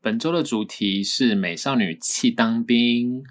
本週的主題是美少女七當兵。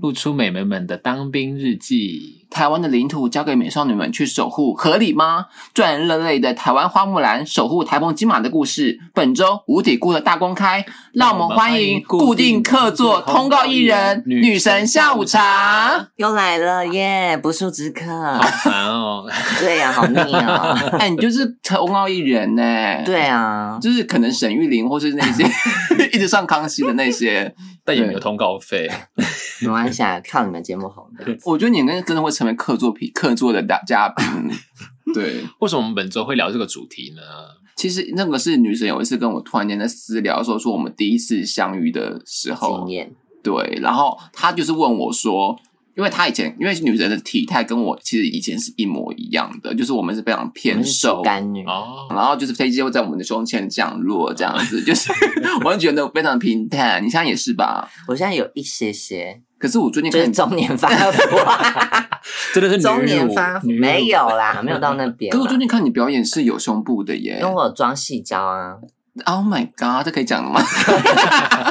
露出美眉們的當兵日記。台灣的領土交給美少女們去守護，合理嗎？賺人熱淚的台灣花木蘭守護台澎金馬的故事，本周無底褲的大公開。讓我們歡迎固定客座通告藝人，告藝人女神下午茶又來了耶！Yeah, 不速之客，好煩哦。對呀、啊，好膩哦、喔。 哎，你就是通告藝人呢、欸？對啊，就是可能沈玉琳或是那些 一直上康熙的那些。 但也沒有通告費， 沒關係係、啊，看 你們節目好。我覺得你應該真的會成為客座品，客座的大家。 對，為什麼我們本周會聊這個主題呢？其實那個是女神有一次跟我突然間在私聊，說說我們第一次相遇的時候，經驗，對。然後她就是問我說。因為她以前，因為女人的體態跟我其實以前是一模一樣的，就是我們是非常偏瘦，乾女哦、然後就是飛機會在我們的胸前降落，這樣子就是， 我全覺得非常平坦。你現在也是吧？我現在有一些些，可是我最近看，就是中年發福，真的是中年發福。 沒有啦，沒有到那邊。可是我最近看你表演是有胸部的耶，因為我有裝矽膠啊。Oh my god，這可以講的嗎？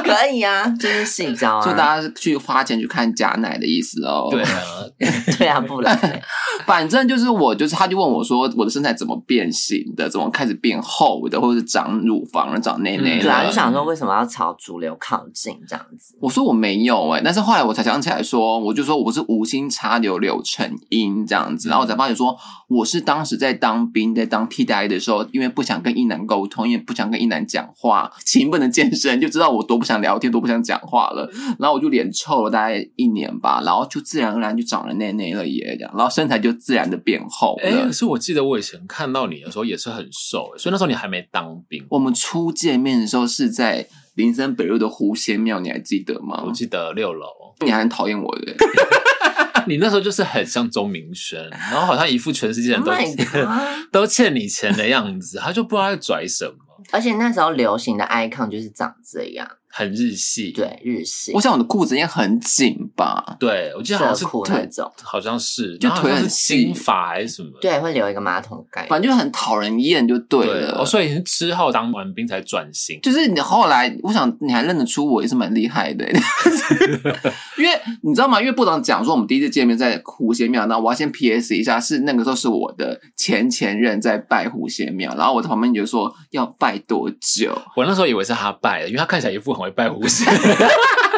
可以啊，就是戲講、啊，就大家去花錢去看假奶的意思哦。對啊，不然，反正就是我，就是他就問我說，我的身材怎麼變形的，怎麼開始變厚的，或者是長乳房、長內內了。我、對啊、就想說，為什麼要朝主流靠近這樣子？ 我說我沒有哎、欸，但是後來我才想起來說，說我就說我我是無心插柳柳成蔭這樣子、嗯，然後我才發覺說，我是當時在當兵在當替代的時候，因為不想跟一男溝通，也不想跟一男。講話勤奮的健身，就知道我多不想聊天，多不想講話了，然後我就臉臭了大概一年吧，然後就自然而然就長了那那了這樣，然後身材就自然的變厚可、欸、是我記得我以前看到你的時候也是很瘦、欸，所以那時候你還沒當兵。我們初見面的時候是在林森北路的狐仙廟，你還記得嗎？我記得六樓，你還很討厭我的、欸？的。 你那時候就是很像鍾明軒，然後好像一副全世界都 都欠你錢的樣子，他就不知道在拽什麼。而且那時候流行的 icon 就是長這樣。很日系，對，日系。我想我的褲子應該很緊吧？對，我記得好像是腿種，好像是，好像是就腿很細，還是什麼？對，會留一個馬桶蓋，反正就很討人厭，就對了。哦，所以之後當完兵才轉型，就是你後來，我想你還認得出我也是蠻厲害的、欸， 因為你知道嗎？因為部長講說我們第一次見面在狐仙廟，那我要先 PS 一下，是那個時候是我的前前任在拜狐仙廟，然後我旁邊就說要拜多久，我那時候以為是他拜的，因為他看起來一副很。一拜狐虎仙，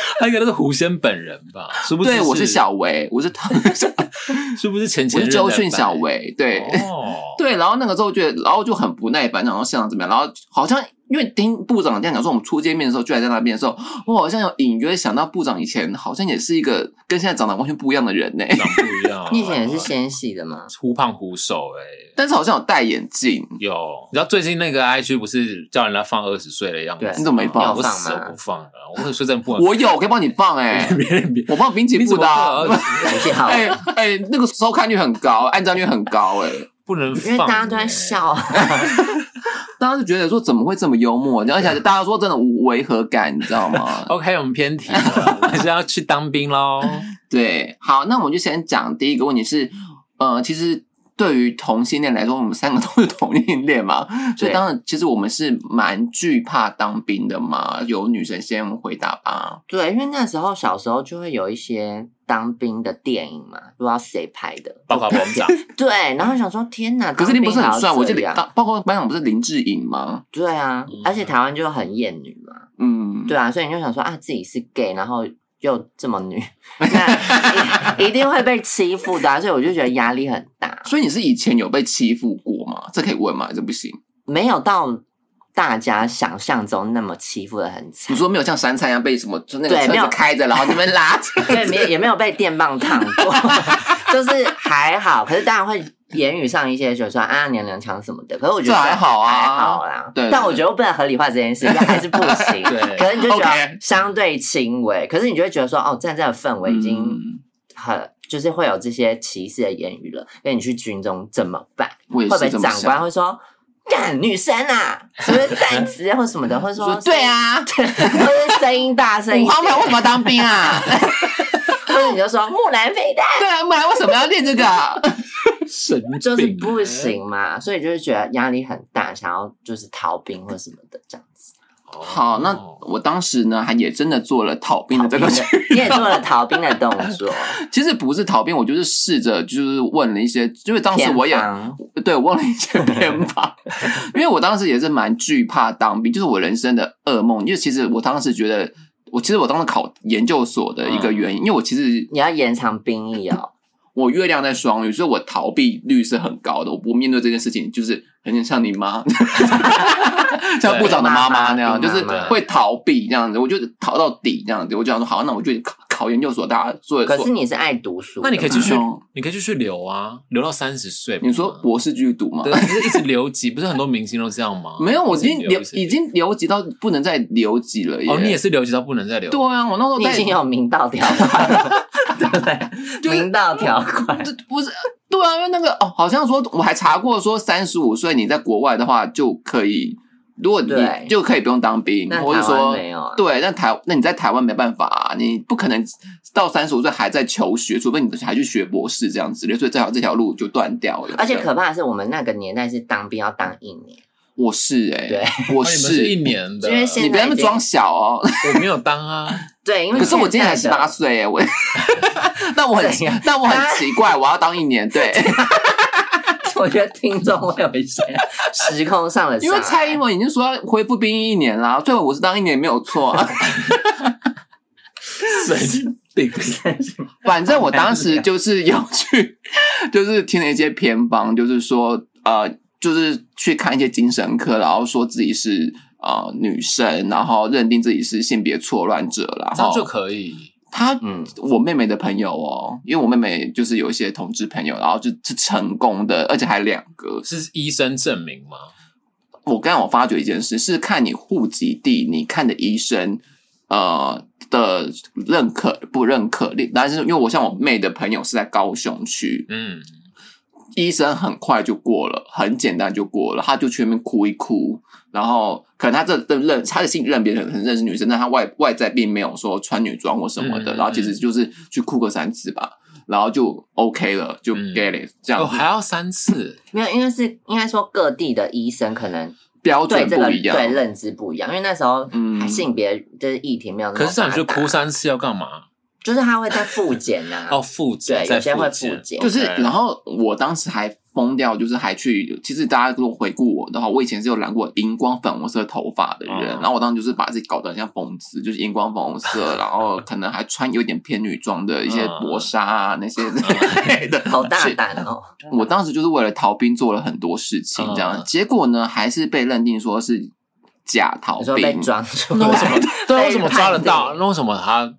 他應該是狐仙本人吧？ 是不是？對，我是小唯，我是他， 是不是？前前我是周迅小唯，對，oh. 對。然後那個時候覺得，然後就很不耐煩，然後現場怎麼樣？然後好像。因為丁部長這樣講，說我們初見面的時候就還在那邊的時候，我好像有隱約想到部長以前好像也是一個跟現在長得完全不一樣的人呢、欸。長不一樣啊、 你以前也是纖細的嗎？忽胖忽瘦哎、欸，但是好像有戴眼鏡。有，你知道最近那個 I G 不是叫人家放二十歲的樣子對？你怎麼沒放？我不放了！我跟說真不 我，我有可以幫你放哎、欸，我放冰淇淋道你怎麼？哎、 欸欸、那個收看率很高， 按讚率很高哎、欸。 不能，因為大家都在笑、啊， 大家就覺得說怎麼會這麼幽默？講起來大家說真的無違和感，你知道嗎 ？OK，我們偏題了， 還是要去當兵嘍。 對，好，那我們就先講第一個問題是，呃，其實。對於同性戀來說，我們三個都是同性戀嘛，所以當然，其實我們是蠻懼怕當兵的嘛。有女神先回答吧。對，因為那時候小時候就會有一些當兵的電影嘛，不知道誰拍的，報告班長。 對， 然後想說天哪，可是你不是很帥？這我記得啊，報告班長不是林志穎嗎？對啊，嗯、而且台灣就很厭女嘛。嗯，對啊，所以你就想說啊，自己是 gay，然後。有這麼女，一定會被欺負的、啊，所以我就覺得壓力很大。所以你是以前有被欺負過嗎？這可以問嗎？這不行。沒有到大家想象中那麼欺負的很慘。你說沒有像杉菜一樣被什麼？就那個車開着，然後你們拉着，對，沒有也沒有被電棒燙過， 就是還好。可是當然會。言語上一些就是說啊，娘娘腔什麼的，可是我覺得還這還好啊，還好啦。對，但我覺得不能合理化這件事情還是不行。對，對，對，可是你就覺得相對輕微，對對對，可是你就會覺得說、okay. 哦，站在的氛圍已經很、嗯、就是會有這些歧視的言語了。那你去軍中怎麼辦？麼會不會長官會說幹女生啊，是不是？站直啊，或什麼的， 會說對啊，聲 音大聲，你花木蘭為什麼當兵啊？然 後 你就說 木蘭飛彈，對啊，木蘭為什麼要練這個？ 神就是不行嘛，所以就是覺得壓力很大，想要就是逃兵或什麼的這樣子、哦。好，那我當時呢，還也真的做了逃兵的這個，你也做了逃兵的動作。 其實不是逃兵，我就是試着就是問了一些，因為、就是當時我也對我問了一些偏方， 因為我當時也是蠻懼怕當兵，就是我人生的噩夢。因為其實我當時覺得，我其實我當時考研究所的一個原因，嗯、因為我其實你要延長兵役哦。我月亮在雙魚，所以我逃避率是很高的。我不面對這件事情，就是很像你媽， 像部長的媽媽那樣，就是會逃避這樣子媽媽。我就逃到底這樣子。我就想說好，那我就。考研究所大，大家做一說。可是你是愛讀書，那你可以繼續，你可以繼續留啊，留到三十歲吧。你說博士繼續讀嗎？對，你、就是一直留級， 不是很多明星都這樣嗎？沒有，我已經留， 已經留級到不能再留級了。哦，你也是留級到不能再留，級、哦留，級能再留級。對啊，我那時候已經有明道， 對、 就是、道條款。對，明道條款不是對啊？因為那個哦，好像說我還查過，說三十五歲你在國外的話就可以。如果你就可以不用當兵，或者說、啊、對，那台那你在台灣沒辦法、啊，你不可能到三十五歲還在求學，除非你還去學博士這樣子，所以這條這條路就斷掉了。而且可怕的是，我們那個年代是當兵要當一年。我是哎、欸，對，我是、啊、是一年的，現在你別那麼裝小哦、喔。我沒有當啊，對，因為 可是我今年才十八歲，我， 但我很但我很奇怪、啊，我要當一年，對。 我覺得聽眾會有一些時空上的， 因為蔡英文已經說要恢復兵役一年啦。最後我是當一年也沒有錯。是，對不對？反正我當時就是有去，就是聽了一些偏方，就是說呃，就是去看一些精神科，然後說自己是呃女生，然後認定自己是性別錯亂者了，這樣就可以。他嗯，我妹妹的朋友哦，因為我妹妹就是有一些同志朋友，然後就是成功的，而且還兩個。是醫生證明嗎？我剛才我發覺一件事，是看你戶籍地，你看的醫生呃的認可不認可，但是因為我像我妹的朋友是在高雄區，嗯。醫生很快就過了，很簡單就過了，他就全面哭一哭，然後可能他這都認認他的性別認別人很認識女生，但他外外在並沒有說穿女裝或什麼的，嗯嗯嗯然後其實就是去哭個三次吧，然後就 OK 了，就 get it 嗯嗯這樣。哦，還要三次？沒有，因為是應該說各地的醫生可能標準不一樣， 對，對認知不一樣，因為那時候他性別就是議題沒有那麼大大。可是，這樣就哭三次要幹嘛？就是他會在複檢吶，哦複檢，首先會複檢。就是然後我當時還瘋掉，就是還去。其實大家如果回顧我的話，我以前是有染過熒光粉紅色頭髮的人，嗯。然後我當時就是把自己搞得很像瘋子，就是熒光粉紅色，然後可能還穿有點偏女裝的一些薄紗，啊嗯，那些的，嗯。 好大膽哦！我當時就是為了逃兵做了很多事情，這樣，嗯、結果呢，還是被認定說是假逃兵，說被抓住。為 什麼對，對為什麼抓得到？那為什麼他？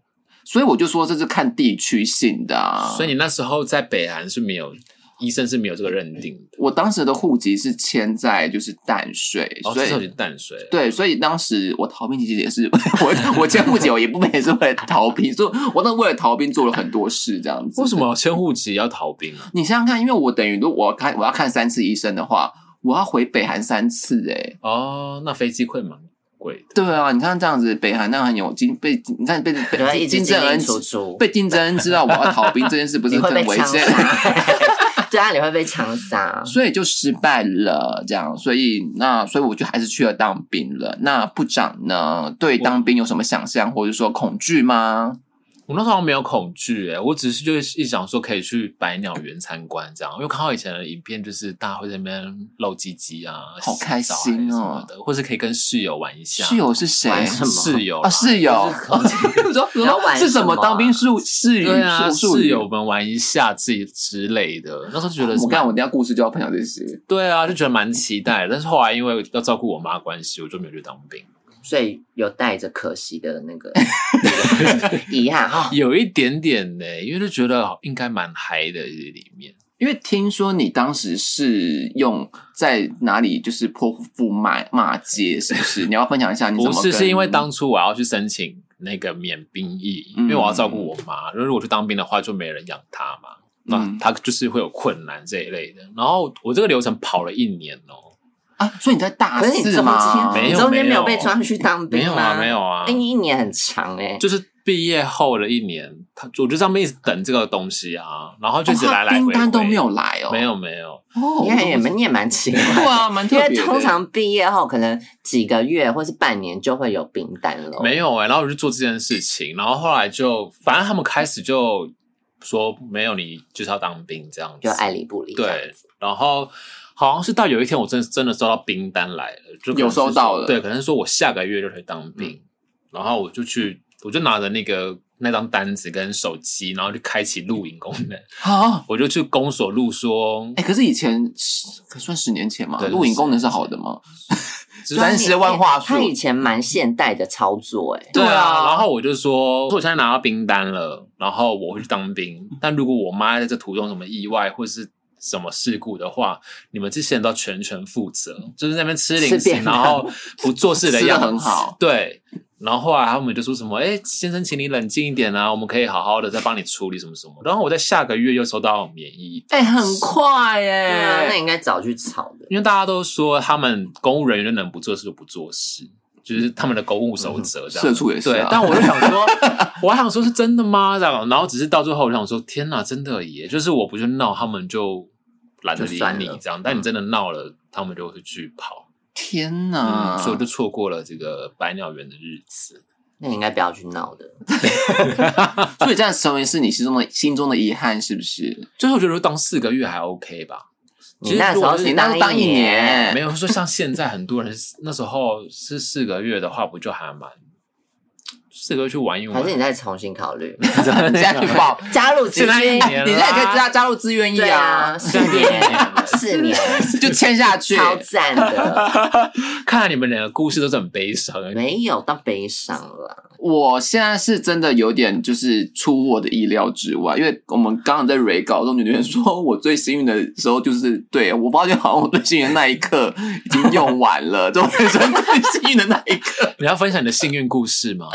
所以我就說這是看地區性的啊。所以你那時候在北韓是沒有醫生，是沒有這個認定的。我當時的戶籍是遷在就是淡水，哦對淡水、啊。對，所以當時我逃兵其實也是 我我遷戶籍，我也不免也是為了逃兵，就 我那為了逃兵做了很多事這樣子。為什麼要遷戶籍要逃兵啊？對，你想想看，因為我等於如果我要看我要看三次醫生的話，我要回北韓三次誒、欸、哦，那飛機困嗎？對啊，你看這樣子，北韓那很有金被你看被、被你金正恩知被金正恩知道我要逃兵 這件事，不是很危險？ 對啊，你會被槍殺，所以就失敗了。這樣，所以那所以我就還是去了當兵了。那部長呢？對當兵有什麼想象，或者說恐懼嗎？我那時候沒有恐懼誒、欸，我只是就一直想說可以去百鳥園參觀這樣，因為看到以前的影片，就是大家會在那邊露雞雞啊，好開心哦，或者可以跟室友玩一下。室友是誰、啊？室友啊，室友，說、就是、 什麼？是什麼當兵是室友？是、啊，啊，室友們玩一下自己之類的，那時候覺得是，我看我家故事就要分享這些。對啊，就覺得蠻期待的，但是後來因為要照顧我媽關係，我就沒有去當兵。所以有帶着可惜的那個遺憾哈， 有一點點呢、欸，因為就覺得應該蠻嗨的，這裡面。因為聽說你當時是用在哪裡，就是潑婦罵罵街，是不是？你要分享一下你怎麼，你不是是因為當初我要去申請那個免兵役，因為我要照顧我媽，如果去當兵的話，就沒人養她嘛，那她就是會有困難這一類的。然後我這個流程跑了一年哦、喔。啊，所以你在大四嗎？沒有沒有，中間沒有被抓去當兵嗎？哦、沒有啊，沒有啊。欸、你一年很長哎、欸，就是畢業後的一年，他我覺得一直等這個東西啊，然後就是來來回回。哦、兵單都沒有來哦。沒有沒有，哦、你看也蠻也蠻奇怪。不啊，蠻特別。因為通常畢業後可能幾個月或是半年就會有兵單了。沒有哎、欸，然後我就做這件事情，然後後來就反正他們開始就說沒有你就是要當兵這樣子，就愛理不理。對，然後。好像是到有一天，我真的真的收到兵單來了，就、就是，有收到了。對，可能是說我下個月就可以當兵，嗯，然後我就去，我就拿着那個那張單子跟手機，然後就開啟錄影功能。好、啊，我就去公所錄說，哎、欸，可是以前可算十年前嘛，錄影功能是好的嗎？三十萬話說。他以前蠻現代的操作、欸，哎、啊，對啊。然後我就說，我現在拿到兵單了，然後我會去當兵，但如果我媽在這途中有什麼意外或是。什麼事故的話，你們這些人都全權負責、嗯，就是那邊吃零食吃，然後不做事的樣子很好。對，然後後來他們就說什麼：“哎、欸，先生，請你冷靜一點啊，我們可以好好的再幫你處理什麼什麼。”然後我在下個月又收到免役，哎、欸，很快哎、欸啊，那應該早去吵的，因為大家都說他們公務人員能不做事就不做事。就是他們的購物守則，社、嗯、畜、嗯、也是、啊。對，但我就想說， 我還想說是真的嗎？這樣，然後只是到最後，我想說，天哪，真的耶！就是我不去鬧，他們就懶得理你這樣，算但你真的鬧了、嗯，他們就會去跑。天哪！嗯、所以我就錯過了這個百鳥園的日子。那你應該不要去鬧的。 所以這樣成為是你心中的心中的遺憾，是不是？最、就、後、是、覺得當四個月還 OK 吧。其實我當、就是、當一年，一年 沒有說像現在很多人那時候是四個月的話，不就還蠻 四個月去玩一玩？還是你再重新考慮？加 報 加入資年、哎？你現在可以加加入自願役啊，四年 四年 就簽下去，超讚的！ 看來你們兩個故事都是很悲傷，沒有到悲傷了。我現在是真的有點就是出我的意料之外，因為我們剛剛在瑞顧中你覺說我最幸運的時候就是對我，不知道就好像我最幸運的那一刻已經用完了，就學生最幸運的那一刻。你要分享你的幸運故事嗎？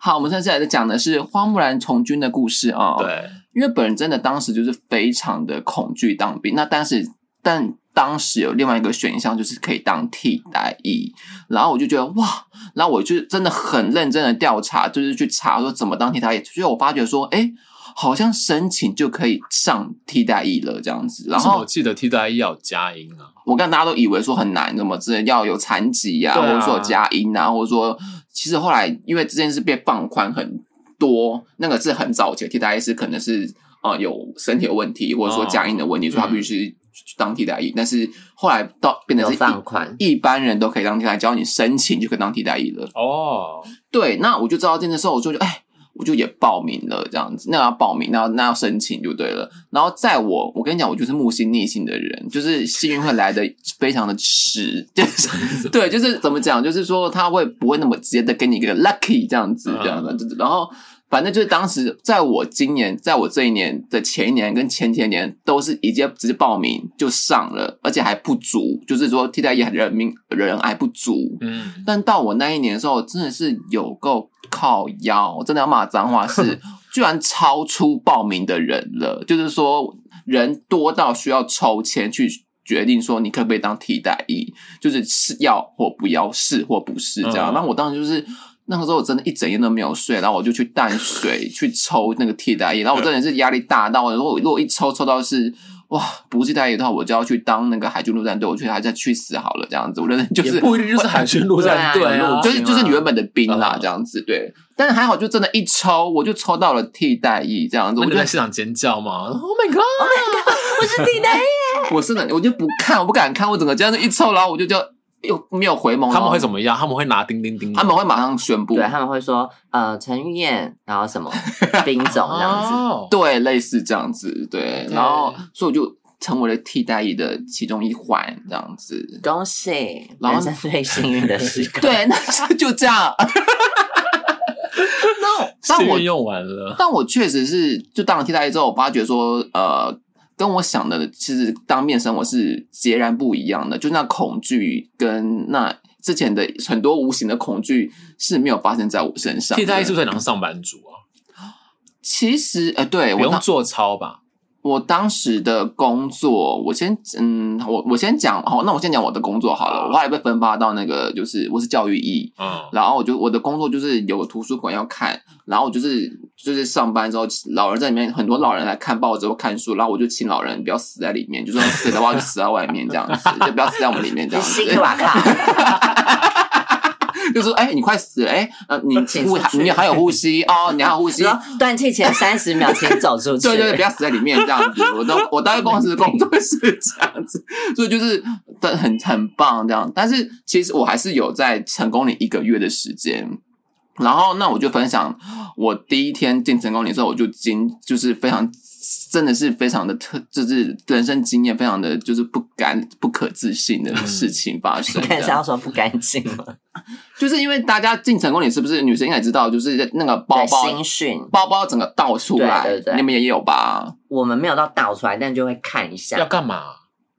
好，我們現在來講的是花木蘭從軍的故事啊、哦。對，因為本人真的當時就是非常的恐懼當兵，那當時但是但。當時有另外一個選項，就是可以當替代役，然後我就覺得哇，然後我就真的很認真的調查，就是去查說怎麼當替代役。最後我發覺說，哎、欸，好像申請就可以上替代役了這樣子。然後我記得替代役要加音啊，我剛大家都以為說很難，怎麼之類，要有殘疾啊，或者說加音啊，或者說，其實後來因為這件事被放寬很多，那個是很早前替代役是可能是啊、呃、有身體有問題，或者說加音的問題，所、哦、以他必須、嗯。當替代役，但是後來到變成是一放款一般人都可以當替代，只要你申請就可以當替代役了。哦、oh，對，那我就知道這件事，我就就哎，我就也報名了這樣子。那要報名，那要那要申請就對了。然後在我，我跟你講，我就是木星逆行的人，就是幸運會來的非常的遲，對、 就是，對，就是怎麼講，就是說他會不會那麼直接的給你一個 lucky 這樣子這樣子，這樣子、uh -huh. 然後。反正就是當時，在我今年，在我這一年的前一年跟前前年，都是一屆直接報名就上了，而且還不足，就是說替代役還人名人還不足。嗯，但到我那一年的時候，真的是有夠靠腰，我真的要罵髒話，是居然超出報名的人了，就是說人多到需要抽籤去決定說你可不可以當替代役，就是是要或不要，是或不是這樣。那我當時就是。那個時候我真的，一整夜都沒有睡，然後我就去淡水 去抽那個替代液，然後我真的是壓力大到，如 果如果一抽抽到是哇不是替代液的話，我就要去當那個海軍陸戰隊，我覺得還是要去死好了這樣子，我真的就是不一定就是海軍陸戰隊、啊啊啊啊，就是就是你原本的兵啦、啊、這樣子，啊、對。但是還好，就真的，一抽我就抽到了替代液這樣子，樣，我就在現場尖叫嗎？Oh my god！我是替代液，我是，我就不看，我不敢看，我整個這樣子一抽，然後我就叫。又沒有回眸，他們會怎麼樣？他們會拿釘釘釘，他們會馬上宣布。對，他們會說，呃，陳玉燕，然後什麼兵種，這樣子，哦，對，類似這樣子，對。Okay. 然後，所以我就成為了替代役的其中一環，這樣子。恭喜，然後人生最幸運的時刻。 對，那時候就這樣。 那但我用完了，但我確實是就當了替代役之後，我發覺說，呃。跟我想的其實當兵生活是截然不一樣的，就那恐懼跟那之前的很多無形的恐懼是沒有發生在我身上的。替代役是不是很像上班族啊？其實，呃，對，不用做操吧。我當時的工作，我先嗯，我我先講，好，那我先講我的工作好了。我後來被分發到那個，就是我是教育役，嗯，然後我就我的工作就是有圖書館要看，然後我就是就是上班之後，老人在裡面很多老人來看報紙或看書，然後我就請老人不要死在裡面，就說死的話就死在外面這樣子， 就不要死在我們裡面這樣子。你 就是哎、欸，你快死哎、欸，呃，你請問，你還有呼吸 哦，你還有呼吸。斷氣前三十秒前走出去。 對對對，不要死在裡面這樣子。 我都我待在公司的工作是這樣子，所以就是很很棒這樣。但是其實我還是有在成功嶺一個月的時間，然後那我就分享我第一天進成功嶺之後，我就經，就是非常。真的是非常的特，就是人生經驗，非常的就是不甘，不可置信的事情發生。看一下有什麼不乾淨嗎？就是因為大家進成功嶺，你是不是女生應該知道？就是那個包包、新訓包包整個倒出來，對對對，你們也有吧？我們沒有到倒出來，但就會看一下。要幹嘛？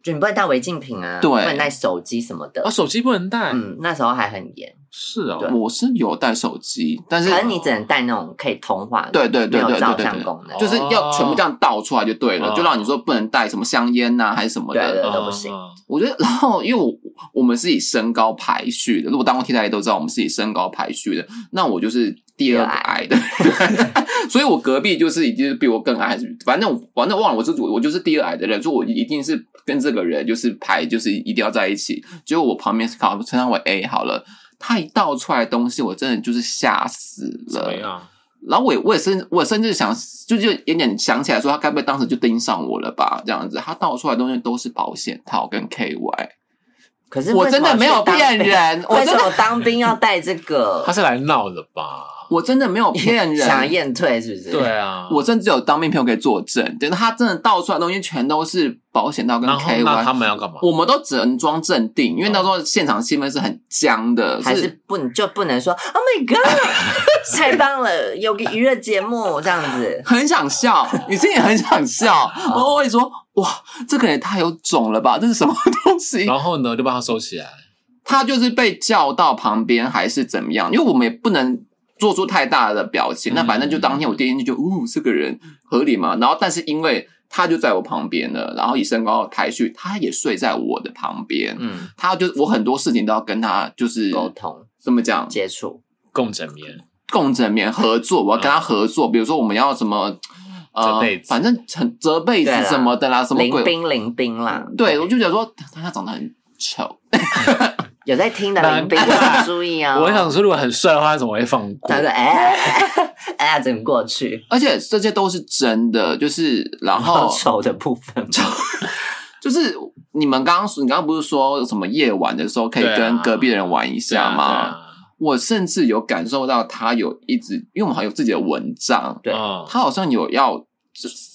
就你不能帶違禁品啊，對，不能帶手機什麼的。哦、啊，手機不能帶，嗯，那時候還很嚴。是哦對，我是有帶手機，但是可能你只能帶那種可以通話的，對對對，有照相功能，就是要全部這樣倒出來就對了。啊、就讓你說不能帶什麼香煙吶、啊，還是什麼的對對對都不行、啊。我覺得，然後因為我我們是以身高排序的，如果當過替代役大家都知道，我們是以身高排序的。那我就是第二矮的，對對 所以我隔壁就是已經是比我更矮，還是反正我反正我忘了，我、就是我就是第二矮的人，所以我一定是跟這個人就是排，就是一定要在一起。結果我旁邊是靠，我稱他為 A 好了。他一倒出來的東西，我真的就是嚇死了。然後我也我也甚我也甚至想，就就有點想起來說，他該不會當時就盯上我了吧？這樣子，他倒出來的東西都是保險套跟 KY。可是我真的沒有騙人，我是有當兵要帶這個。這個、 他是來鬧的吧？我真的沒有騙人，想要驗退是不是？對啊，我甚至有當面朋友可以作證，就是、啊、他真的倒出來的東西，全都是保險套跟 K Y。那他們要幹嘛？我們都只能裝鎮定，因為那時候現場氣氛是很僵的，哦、是還是不就不能說 “Oh my God”，太棒了，有個娛樂節目這樣子， 很想笑，你自己也很想笑，然後我會說：“哇，這個也太有種了吧，這是什麼東西？”然後呢，就把它收起來。他就是被叫到旁邊還是怎麼樣？因為我們也不能。做出太大的表情，嗯、那反正就當天我第一天就覺得、嗯，哦，這個人合理嗎？然後，但是因為他就在我旁邊了，然後以身高排序，他也睡在我的旁邊，嗯，他就我很多事情都要跟他就是溝通，怎麼講接觸、共枕眠、共枕眠合作，我要跟他合作，嗯、比如說我們要什麼、啊、呃責備，反正折被子什麼的啦，啦什麼鬼領兵領兵啦，嗯、對，對我就覺得說他他長得很。醜 有在聽的人，別注意啊！哦、 我想說，如果很帥的話，他怎麼會放過？ 他說、哎：“哎，哎，怎麼過去？而且這些都是真的，就是然後醜的部分，醜， 就是你們剛剛說，你剛剛不是說什麼夜晚的時候可以跟隔壁的人玩一下嗎、啊啊？我甚至有感受到他有一直，因為我們好像有自己的蚊帳，對、嗯、他好像有要。”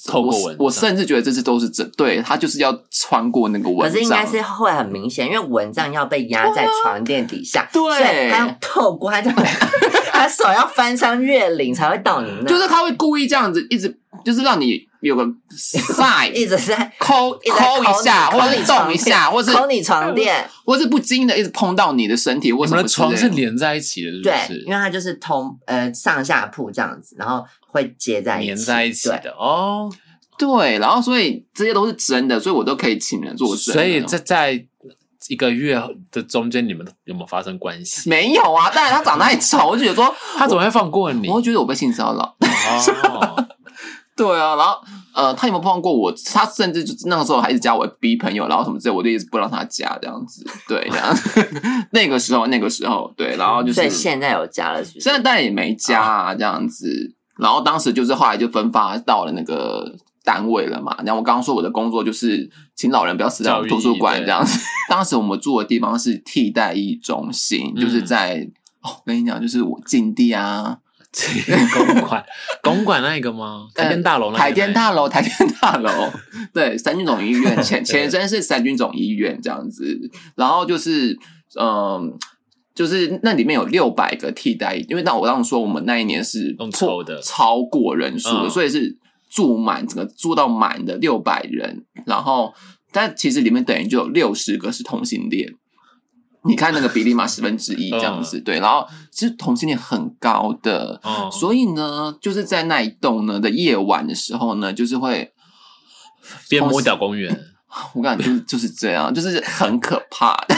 透過蚊我甚至覺得這次都是真，對他就是要穿過那個蚊帳，可是應該是會很明顯，因為蚊帳要被壓在床墊底下，對、啊，他要透過他這樣，他手要翻山越嶺才會到你那，就是他會故意這樣子一直，就是讓你有個 sign 一直在摳摳一,一下，你或者是動一下， 或者是摳你床墊，或是不經意的一直碰到你的身體，為什麼床是連在一起的？對，因為他就是通呃上下鋪這樣子，然後。會結在一起，粘在一起的對哦。對，然後所以這些都是真的，所以我都可以請人作證。所以在在一個月的中間，你們有沒有發生關係？沒有啊，但是他長得太醜， 我就覺得說他怎麼會放過你？我會覺得我被性騷擾。哦、 對啊，然後呃，他有沒有放過我？他甚至就那個時候還一直加我 B 朋友，然後什麼之類，我就一直不讓他加這樣子。對，這樣 那個時候，那個時候對，然後就是所以現在有加了，現在但也沒加、啊啊、這樣子。然後當時就是後來就分發到了那個單位了嘛。然後我剛剛說我的工作就是請老人不要死在圖書館這樣子。當時我們住的地方是替代役中心、嗯，就是在哦，跟你講，就是我禁地啊，公館， 公館那一個嗎、？ 呃？台電大樓，台電大樓， 台電大樓，對，三軍總醫院前 前身是三軍總醫院這樣子。然後就是嗯。.就是那裡面有六百個替代，因為當我當時說我們那一年是錯的，超過人數的，的、嗯，所以是住滿整個住到滿的六百人。然後，但其實裡面等於就有六十個是同性戀， 你看那個比例嘛，十 分之一這樣子、嗯。對，然後其實同性戀很高的、嗯，所以呢，就是在那一棟呢的夜晚的時候呢，就是會邊摸角公園。 我感覺就是這樣，就是很可怕的，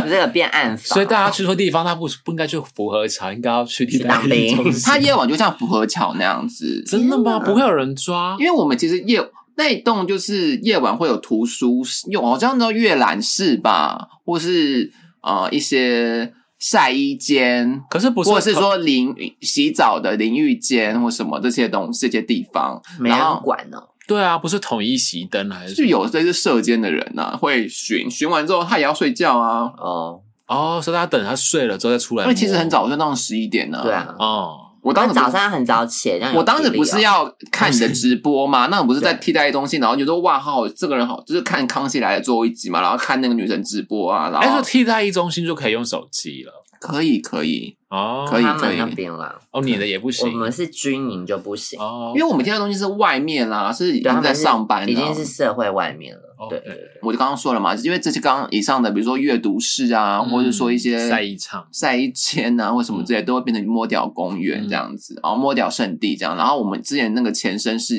這個變暗法。所以大家去錯地方，他不不應該去福和橋，應該要去另外一棟。它夜晚就像福和橋那樣子，真的嗎？不會有人抓？因為我們其實夜那一棟就是夜晚會有圖書室，有這樣的閱覽室吧，或是呃一些曬衣間，可是不是？或者是說淋洗澡的淋浴間或什麼這些東西、這些地方，沒人管呢。對啊，不是統一熄燈還是？就有這些社間的人啊，會巡巡完之後，他也要睡覺啊。哦哦，所以他等他睡了之後再出來。因為其實很早就弄到十一點了，啊。對啊，哦，我當時早上很早起，我當時不是要看你的直播嗎？嗯、那我不是在替代一中心，然後你就說哇，好，好，這個人好，就是看康熙來了最後一集嘛，然後看那個女神直播啊，然後、哎、就替代一中心就可以用手機了，可以可以。哦、oh,，可以那邊了。哦、oh,，你的也不行。我們是軍營就不行，oh, okay. 因為我們聽的東西是外面啦，是已經在上班的，已經是社會外面了。Okay. 對,對,對，我就剛剛說了嘛，因為這些剛剛以上的，比如說閱讀室啊，嗯、或者說一些曬衣場、曬衣間啊，或什麼之類，嗯、都會變成摸屌公園這樣子、嗯，然後摸屌聖地這樣。然後我們之前那個前身是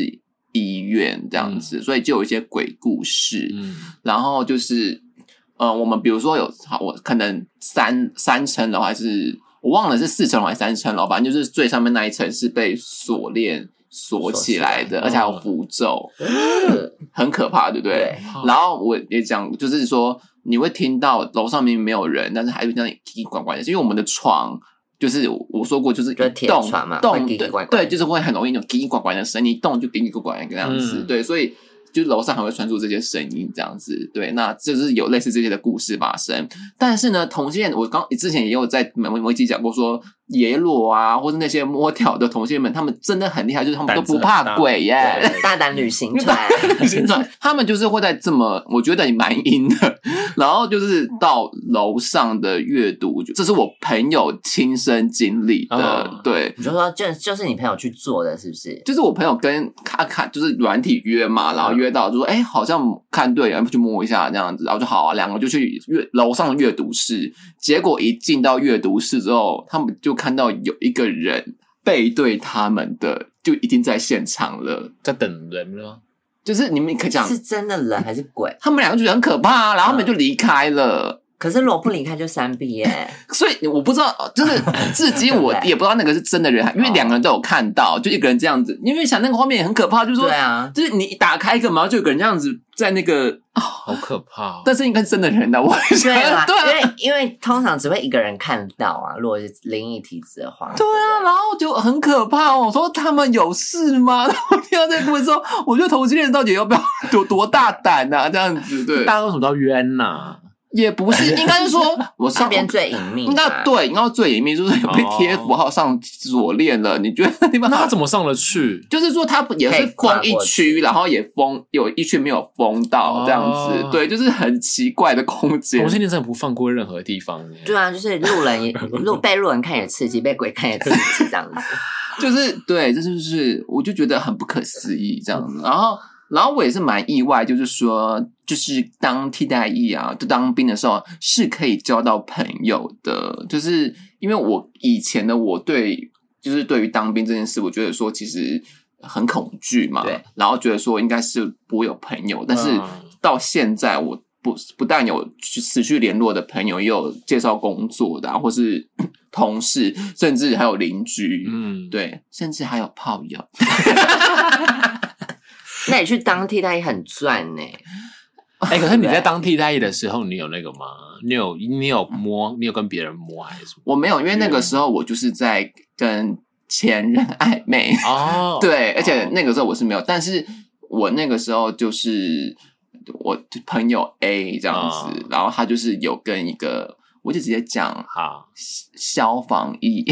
醫院這樣子、嗯，所以就有一些鬼故事。嗯，然後就是，呃，我們比如說有，好我可能三三成的話是。我忘了是四層還是三層樓，反正就是最上面那一層是被鎖鏈鎖起來的起來，而且還有符咒，嗯、很可怕，對不對、嗯？然後我也講，就是說你會聽到樓上明明沒有人，但是還有那種嘰嘰呱呱的，因為我們的床就是我說過，就是一動鐵床嘛，動對對，就是會很容易那種嘰嘰呱呱的聲音，一動就嘰嘰呱呱，一個樣子、嗯，對，所以。就是樓上還會傳出這些聲音，這樣子，對，那就是有類似這些的故事發生。但是呢，同性戀，我剛之前也有在每每一集講過說。野裸啊，或是那些摸條的同學們，他們真的很厲害，就是他們都不怕鬼耶、欸，大膽 旅行團，旅行團，他們就是會在這麼我覺得你蠻陰的，然後就是到樓上的閱讀，這是我朋友親身經歷的、哦，對，你就說就就是你朋友去做的是不是？就是我朋友跟卡卡就是軟體約嘛、嗯，然後約到就說哎、欸，好像看對了，然後去摸一下這樣子，然後就好啊，兩個就去閱樓上閱讀室，結果一進到閱讀室之後，他們就。看到有一個人背對他們的，就一定在現場了，在等人了嗎？就是你們可以講是真的人還是鬼？他們兩個就覺得很可怕，然後他們就離開了。嗯可是羅布林開就三筆耶， 所以我不知道，就是至今我也不知道那個是真的人， 因為兩個人都有看到好好，就一個人這樣子。因為想那個畫面也很可怕，就是說，對啊，就是你一打開一個門，就有個人這樣子在那個，好可怕，喔。但是應該是真的人的，我想對。對啊，因為因為通常只會一個人看到啊，如果是靈異體質的話。對啊，然後就很可怕哦。我說他們有事嗎？ 然後不要再問說，我覺得同性戀到底要不要有多大膽啊？這樣子，對， 大家都說冤吶，啊。也不是，應該是說我上邊最隱秘。那對，應該最隱秘就是被貼符號上鎖鏈了。Oh, 你覺得、oh. 那他怎麼上得去？就是說他也是封一區，然後也封有一區沒有封到，這樣子。Oh. 對，就是很奇怪的空間。 我現在真的不放過任何地方。對啊，就是路人也路 被路人看也刺激，被鬼看也刺激，這樣子。 就是對，這就是我就覺得很不可思議這樣子。 然後，然後我也是蠻意外，就是說。就是當替代役啊，就當兵的時候是可以交到朋友的。就是因為我以前的我對，就是對於當兵這件事，我覺得說其實很恐懼嘛，對，然後覺得說應該是不會有朋友，但是到現在我不不但有持續聯絡的朋友，也有介紹工作的、啊、或是同事，甚至還有鄰居，嗯，對，甚至還有炮友。 那你去當替代役很賺呢，欸。哎、欸，可是你在當替代役的時候，你有那個嗎？你有你有摸，嗯、你有跟別人摸還是什麼？我沒有，因為那個時候我就是在跟前任曖昧哦。 對，而且那個時候我是沒有、哦，但是我那個時候就是我朋友 A 這樣子，哦、然後他就是有跟一個，我就直接講，消防役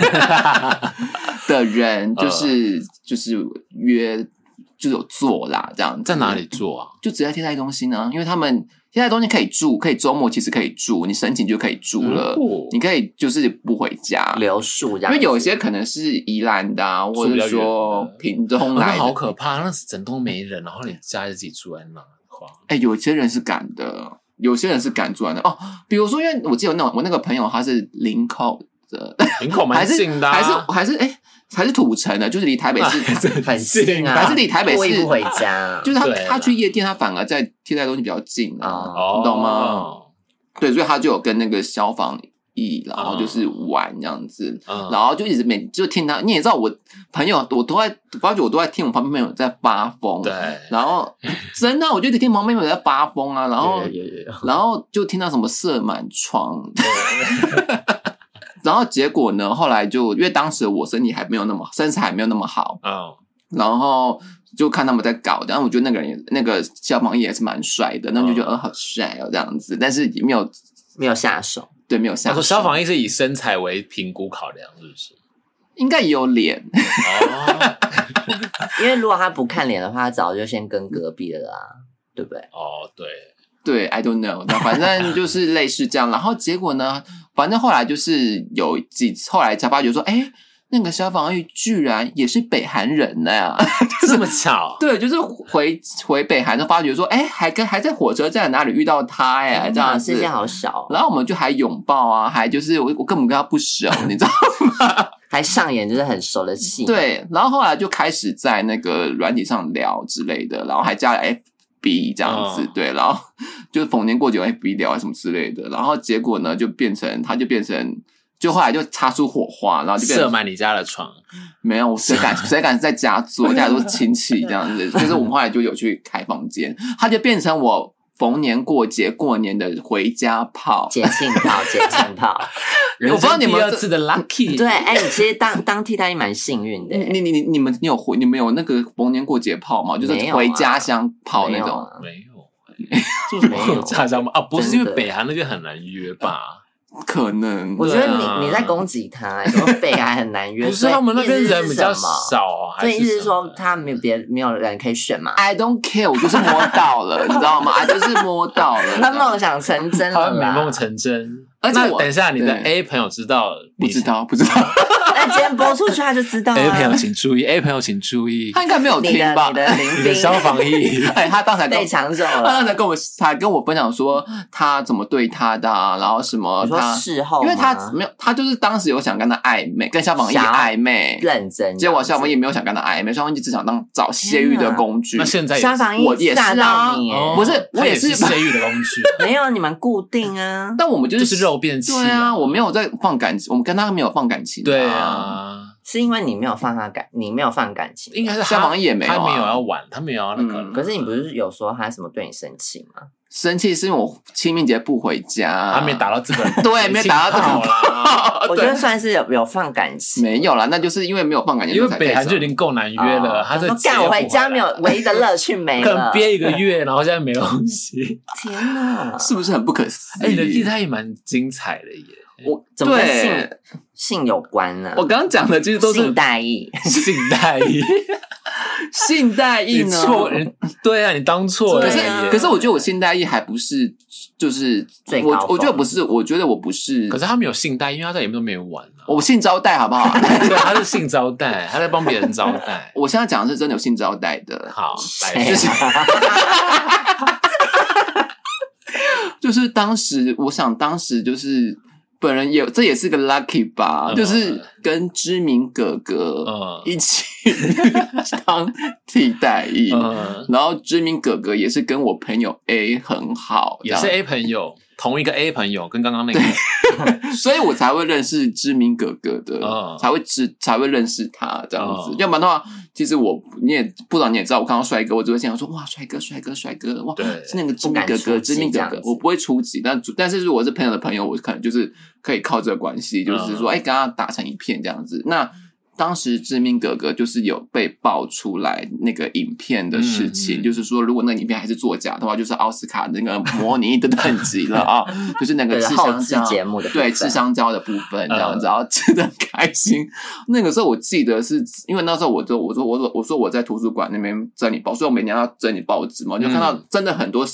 的人就是、呃、就是約。就有做啦，這樣子在哪裡做啊？就直接替代中心呢，因為他們替代中心可以住，可以周末其實可以住，你申請就可以住了，嗯、不你可以就是不回家留宿，因為有一些可能是宜蘭的、啊、的，或者說屏東來的，哦、好可怕、啊，那整棟沒人，然後你家一自己住在哪？哎、欸，有些人是敢的，有些人是敢住來的哦。比如說，因為我記得那我那個朋友他是林口的，林口蠻近的、啊，還是還是誒還是土城的，就是離台北市 很近啊，還是離台北市。我也不回家。就是他，他去夜店，他反而在貼在東西比較近啊，嗯、你懂嗎、嗯？對，所以他就有跟那個消防役，然後就是玩這樣子，嗯、然後就一直每就聽到，你也知道我朋友，我都在發覺，我都在聽我旁邊朋友在發瘋，對，然後真的，我就一直聽旁邊朋友在發瘋啊，然後，然後就聽到什麼射滿窗。對 然後結果呢？後來就因為當時我身體還沒有那麼身材還沒有那麼好，嗯、oh.，然後就看他們在搞，但我覺得那個人那個消防員也是蠻帥的，oh. 那就覺得好帥哦這樣子，但是沒有沒有下手，對，沒有下手。啊、消防員是以身材為評估考量是不是？應該有臉哦，oh. 因為如果他不看臉的話，早就先跟隔壁了啦、啊，對不對？哦、oh，對對，I don't know，反正就是類似這樣。 然後結果呢？反正後來就是有幾次，後來才發覺說，誒、欸、那個消防員居然也是北韓人呢、啊，這麼巧、 就是？對，就是回回北韓就發覺說，誒、欸、還跟還在火車站哪裡遇到他哎、欸，欸、這樣子，世界好小、哦。然後我們就還擁抱啊，還就是我我根本跟他不熟，你知道嗎？ 還上演就是很熟的戲，對。然後後來就開始在那個軟體上聊之類的，然後還加了誒逼，這樣子，哦、對，然後就是逢年過節會逼掉啊什麼之類的，然後結果呢就變成，他就變成，就後來就擦出火花，然後就射滿你家的床，沒有，誰敢誰敢在家做，大 家都親戚這樣子，就 是我們後來就有去開房間，他就變成我。逢年過節，過年的回家炮，節慶炮，節慶炮。我不知道你們要吃的 lucky， 對，哎、欸，你其實當當替代也蠻幸運的、欸。你你你你們，你有回，你們有那個逢年過節炮嗎？就是回家鄉炮那種？沒有、啊，就是、啊、 沒有，家鄉嗎？啊，不是因為北韓那邊很難約吧？可能，我覺得你你在攻擊他，說被癌很難約。 不是他們那邊人比較少還是？所以意思是說他沒有別沒有人可以選嘛。I don't care，我就是摸到了， 你知道嗎？我就是摸到了，他 夢想成真，他美夢成真，而且那等一下你的 A 朋友知道了。不知道，不知道。那今天播出去，他就知道、啊。哎， 朋友請注意！哎，朋友請注意！他應該沒有聽吧？你的你的你的消防員哎， 他剛才被搶走，他剛才跟我，他跟我，他跟我分享說他怎麼對他的，然後什麼他？他事後，因為他沒有，他就是當時有想跟他曖昧，跟消防員曖昧。認真。結果消防員沒有想跟他曖昧，消防員就只想當找洩慾的工具。啊、那現在消防員我也是啊，嗯哦、不是，我也是洩慾的工具。 沒有，你們固定啊。但我們就是、就是、肉便器、啊。對啊，我沒有在放感情，我們。但他沒有放感情，對啊，是因為你沒有放他感，你沒有放感情，應該是消防也沒有、啊，他沒有要玩，他沒有要那個、那個嗯、可是你不是有說他什麼對你生氣嗎？生氣是因為我清明節不回家。啊，他沒打到這個， 對，沒打到這個 我覺得算是有有放感情，沒有啦，那就是因為沒有放感情，因為北韓就已經夠難約了。約了哦，他怎麼趕我回家？沒有唯一的樂趣沒了， 可能憋一個月，然後現在沒有東西。 天哪，是不是很不可思議？哎、欸，你的替代役也蠻精彩的耶。我怎麼跟性對性，性有關呢？我剛剛講的其實都是性代役，性代役，性代役呢？對啊，你當錯人可是，啊、可是我覺得我性代役還不是，就是最高我我覺得不是，我覺得我不是。可是他沒有性代役，因為他在裡面都沒有玩，啊、我性招待好不好？ 對、啊，他是性招待，他在幫別人招待。 我現在講的是真的有性招待的，好，來 就是當時，我想當時就是。本人也，這也是個 lucky 吧，uh, 就是跟知名哥哥一起，uh, 當替代役，uh, 然後知名哥哥也是跟我朋友 A 很好，也是 A 朋友，同一個 A 朋友，跟剛剛那個， 所以我才會認識知名哥哥的，uh, 才會知才會認識他這樣子。Uh, 要不然的話。其實我你也不然，你也知道，我看到帥哥，我只會想說，哇，帥哥，帥哥，帥哥哇，哇，是那個知名哥哥，知名哥哥，我不會出擊，但但是如果是朋友的朋友，我可能就是可以靠這個關係、嗯，就是說，哎、欸，跟他打成一片這樣子，那。當時《致命格格》就是有被爆出來那個影片的事情、嗯，就是說如果那影片還是作假的話，就是奧斯卡那個模擬的等級了啊、哦， 就是那個吃香蕉節目的對吃香蕉的部分，部分這樣子，嗯、然後吃的開心。那個時候我記得是因為那時候我就我說我說我說我在圖書館那邊整理報紙，所以我每天要整理報紙嘛、嗯，就看到真的很多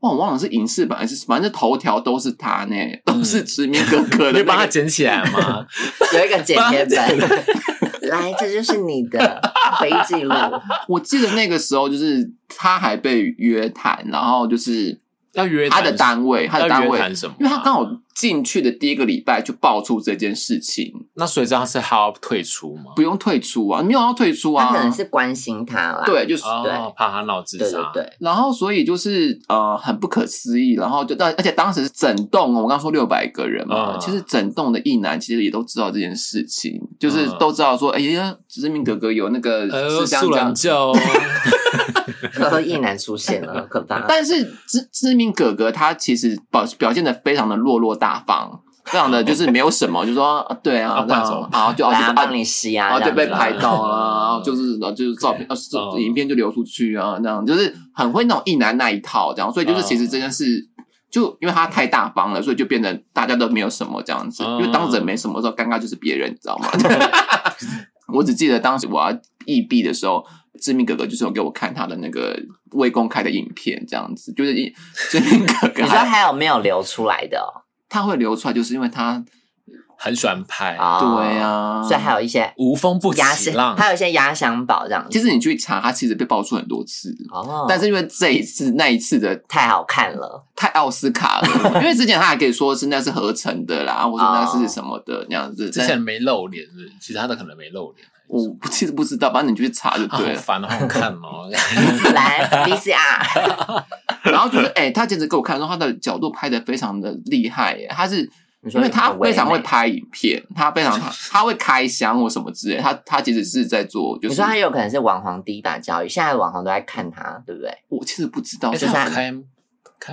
哇，我忘了是影視版還是反正頭條都是他呢，都是《致命格格的、那個》的、嗯，你把它剪起來嗎？ 有一個剪貼紙。來，這就是你的回憶記錄。 我記得那個時候，就是他還被約談，然後就是。要約他的單位，他的單位，談什麼啊，因為他剛好進去的第一個禮拜就爆出這件事情，那誰知道他是好要退出嗎？不用退出啊，沒有要退出啊，他可能是關心他啊。對，就是哦對，怕他鬧自殺。然後所以就是呃，很不可思議，然後就當而且當時是整棟，我剛說六百個人嘛，嗯、其實整棟的役男其實也都知道這件事情，就是都知道說，哎、嗯，志、欸、明哥哥有那個，哎、素講教、哦。 可是意男出現了， 可怕。但是知知名哥哥他其實表表現的非常的落落大方，這樣的就是沒有什麼， 就是說啊對啊，那 種啊，就而你啊，就被拍到了啊， 就是就是照片，okay. 啊、 影片就流出去啊，這樣就是很會那種意男那一套這樣，所以就是其實真的是 就因為他太大方了，所以就變成大家都沒有什麼這樣子， 因為當人沒什麼的時候，尷尬就是別人，你知道嗎？ 我只記得當時我要異避的時候。致命哥哥就是有給我看他的那個未公開的影片，這樣子就是致命哥哥。 你說還有沒有流出來的？他會流出來，就是因為他很喜歡拍。Oh, 對啊，所以還有一些無風不起浪，還有一些壓箱寶這樣子。其實你去查，他其實被爆出很多次。哦、oh，但是因為這一次那一次的太好看了，呃、太奧斯卡了。 因為之前他還可以說是那是合成的啦，或者那是什麼的那樣子、oh。之前沒露臉，其實他的可能沒露臉。我其實不知道，反正你去查就對了。反而好，好看哦。來，VCR，然後覺得哎，他其實給我看的時候，他的角度拍的非常的厲害耶。他是，因為他非常會拍影片，他非常他會開箱或什麼之類的。他他其實是在做、就是，你說他有可能是網紅第一把交椅，現在網紅都在看他，對不對？我其實不知道，欸就是他，他開嗎？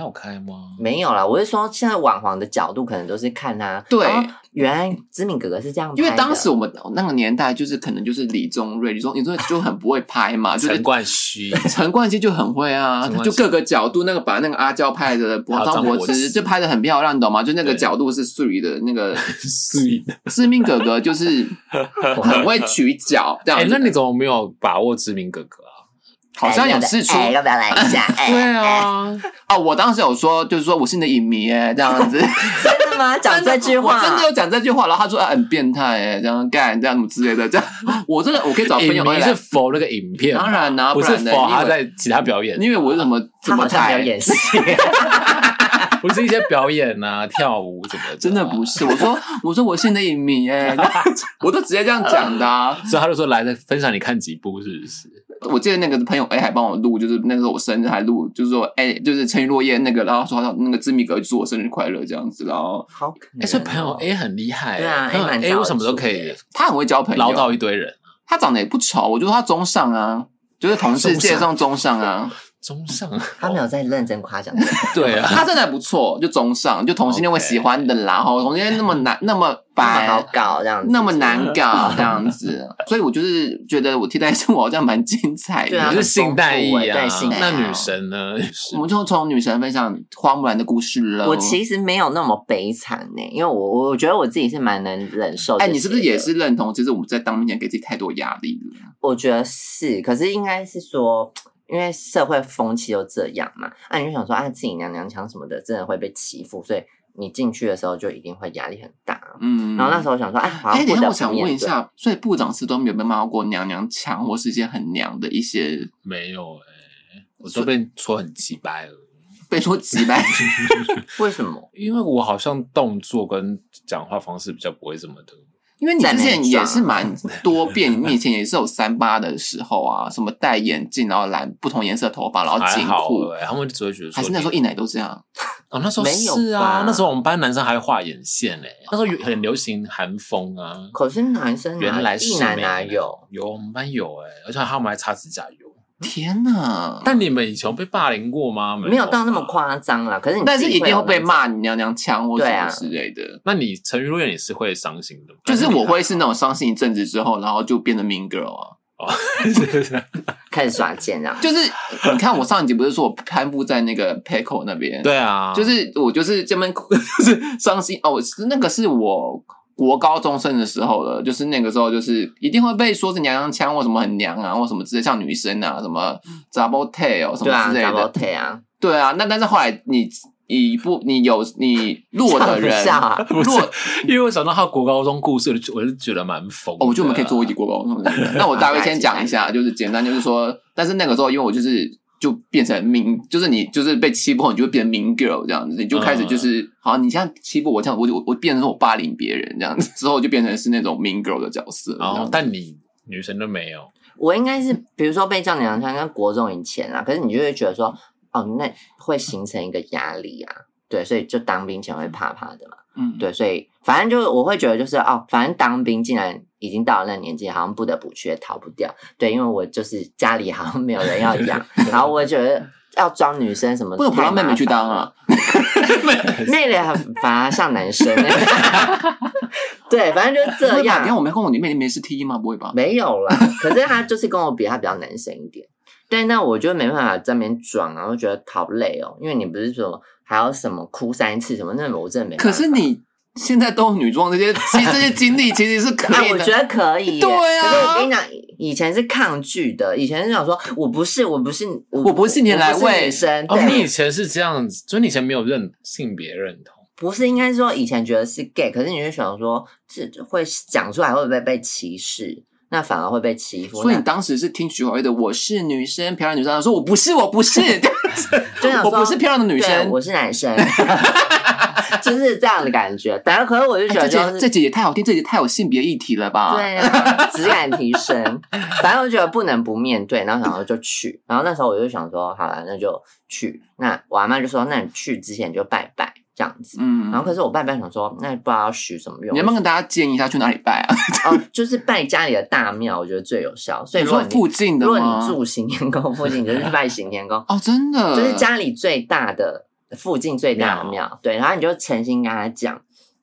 開有開嗎？沒有啦，我是說，現在網黃的角度可能都是看他。對，哦、原來知名哥哥是這樣的，因為當時我們那個年代就是可能就是李宗瑞、李宗瑞就很不會拍嘛，陳、就是、冠希，陳冠希就很會啊，他就各個角度那個把那個阿嬌拍的張柏芝，就拍的很漂亮，你懂嗎？就那個角度是 sweet 的，那個 sweet 水的知名 哥哥就是很會取角，這樣、 欸。那你怎麼沒有把握知名哥哥？好像有事出，要、欸、不要來一下？欸、對啊，哦、欸啊，我當時有說，就是說我是你的影迷哎，這樣子 真的嗎？講這句話，我真的有講這句話，然後他說很變態哎，這樣幹這樣什麼之類的，這樣我真的我可以找朋友來。你是 for 那個影片，當然啦、啊，不是 for 他在其他表演，因為，為我是怎麼怎麼他在演戲， 不是一些表演啊跳舞怎麼、啊， 真的不是。我說我說我是你的影迷哎， 我都直接這樣講的，啊。 所以他就說來再分享你看幾部，是不是？我記得那個朋友 A 還幫我錄，就是那時候我生日還錄，就是說哎、欸，就是《沉魚落雁》那個，然後說他說那個志明哥就祝我生日快樂這樣子，然後，好可，欸、所以朋友 A 很厲害、啊，對啊很，A 我什麼都可以，他很會交朋友，嘮叨一堆人，他長得也不醜，我覺得他中上啊，就是同事介紹中上啊。 中上，他沒有在認真誇獎。 對啊，他真的還不錯，就中上，就同性戀會喜歡的啦。哈、okay.，同性戀那麼難， 那麼白，好搞這樣，那麼難搞 這樣子。所以我就是覺得我替代生好像蠻精彩的，對啊，就是性代役啊，就是性代役啊，對性代役。那女神呢？ 我們就從女神分享花木蘭的故事了。我其實沒有那麼悲慘呢、欸，因為我我覺得我自己是蠻能忍受的。哎、欸，你是不是也是認同就是我們在當兵前給自己太多壓力了？我覺得是，可是應該是說。因為社會風氣又這樣嘛，那、啊、你就想說啊，自己娘娘腔什麼的，真的會被欺負，所以你進去的時候就一定會壓力很大、啊。嗯，然後那時候我想說，哎、啊，好，那、欸、我想問一下、啊，所以部長是都沒有被罵過娘娘腔，或是一些很娘的一些？沒有哎、欸，我都被說很奇怪了，被說奇怪？ 為什麼？因為我好像動作跟講話方式比較不會這麼的。因為你之前也是蠻多變，你 以前也是有三八的時候啊，什麼戴眼鏡，然後染不同顏色頭髮，然後緊褲、欸，他們只會覺得說，還是那時候一奶都這樣。哦，那時候是、啊、沒有啊，那時候我們班男生還畫眼線誒，那時候很流行韓風啊。可是男生原來是沒有一奶，哪有？有，我們班有哎、欸，而且他們還擦指甲油。天吶！但你們以前被霸凌過嗎？沒有到那麼誇張啦，可是你，但是一定會被罵娘娘腔或、啊、什麼之類的。那你沈魚落雁，你是會傷心的嗎？就是我會是那種傷心一陣子之後，然後就變成 mean girl 啊，哦， 開始耍賤啊。 就是你看我上一集不是說我攀附在那個 Peckle 那邊？對啊，就是我就是這邊就是傷心哦，是那個是我。國高中生的時候了，就是那個時候，就是一定會被說是娘娘腔或什麼很娘啊，或什麼之類，像女生啊，什麼 double tail、啊、什麼之類、啊。的、啊。啊，double tail 啊，對啊。那但是後來你你不你有你弱的人弱，啊、弱因為我想到他國高中故事，我就覺得蠻瘋。哦，我們就我們可以做一集國高中的。 那我大概先講一下， 就是簡單，就是說，但是那個時候，因為我就是。就變成 mean，就是你就是被欺負，你就會變成 mean girl 這樣子，你就開始就是嗯嗯好，你現在欺負我，我，這樣我我我變成我霸凌別人這樣子之後，就變成是那種 mean girl 的角色。然、哦、後，但你女生都沒有，我應該是比如說被叫娘娘腔跟國中以前啊，可是你就會覺得說哦，那會形成一個壓力啊，對，所以就當兵前會怕怕的嘛，嗯，對，所以。反正就是我會覺得就是哦，反正當兵竟然已經到了那年紀，好像不得不去，也逃不掉。對，因為我就是家裡好像沒有人要養， 然後我覺得要裝女生什麼，不不讓妹妹去當啊，妹妹反而像男生。 對，反正就是這樣。天，我沒看過你妹妹是 T 一嗎？不會吧？沒有啦。可是她就是跟我比，她比較男生一點。對，那我就沒辦法正面裝，然後覺得好累哦。因為你不是說還要什麼哭三次什麼，那麼我真的沒。可是你。現在都女裝這些，其實這些經歷其實是可以的。哎、 啊，我覺得可以。對啊，可是我跟你講，以前是抗拒的，以前是想說，我不是，我不是，我，我不是，你來問我不是女生、哦，你以前是這樣子，所以你以前沒有認性別認同。不是，應該說以前覺得是 gay，可是你會想說，這會講出來會不會被歧視？那反而會被欺負。所以你當時是聽徐懷鈺的《我是女生》，漂亮女生。他說：“我不是，我不是，真 的，我不是漂亮的女生，我是男生。 ” 就是這樣的感覺。反正可能我就覺得、就是哎，這姐姐太好聽，這姐姐太有性別議題了吧？對、啊，只敢提升。 反正我覺得不能不面對，然後想說就去。然後那時候我就想說，好啦，那就去。那我阿嬤就說：“那你去之前就拜拜。”這樣子，嗯，然後可是我爸爸想說，那不知道要許什麼願。你能不能跟大家建議他去哪裡拜啊？嗯 哦、就是拜家裡的大廟，我覺得最有效。所以，說附近的，如果你住行天宮附近，就是拜行天宮。 哦，真的，就是家裡最大的，附近最大的廟。對，然後你就誠心跟他講。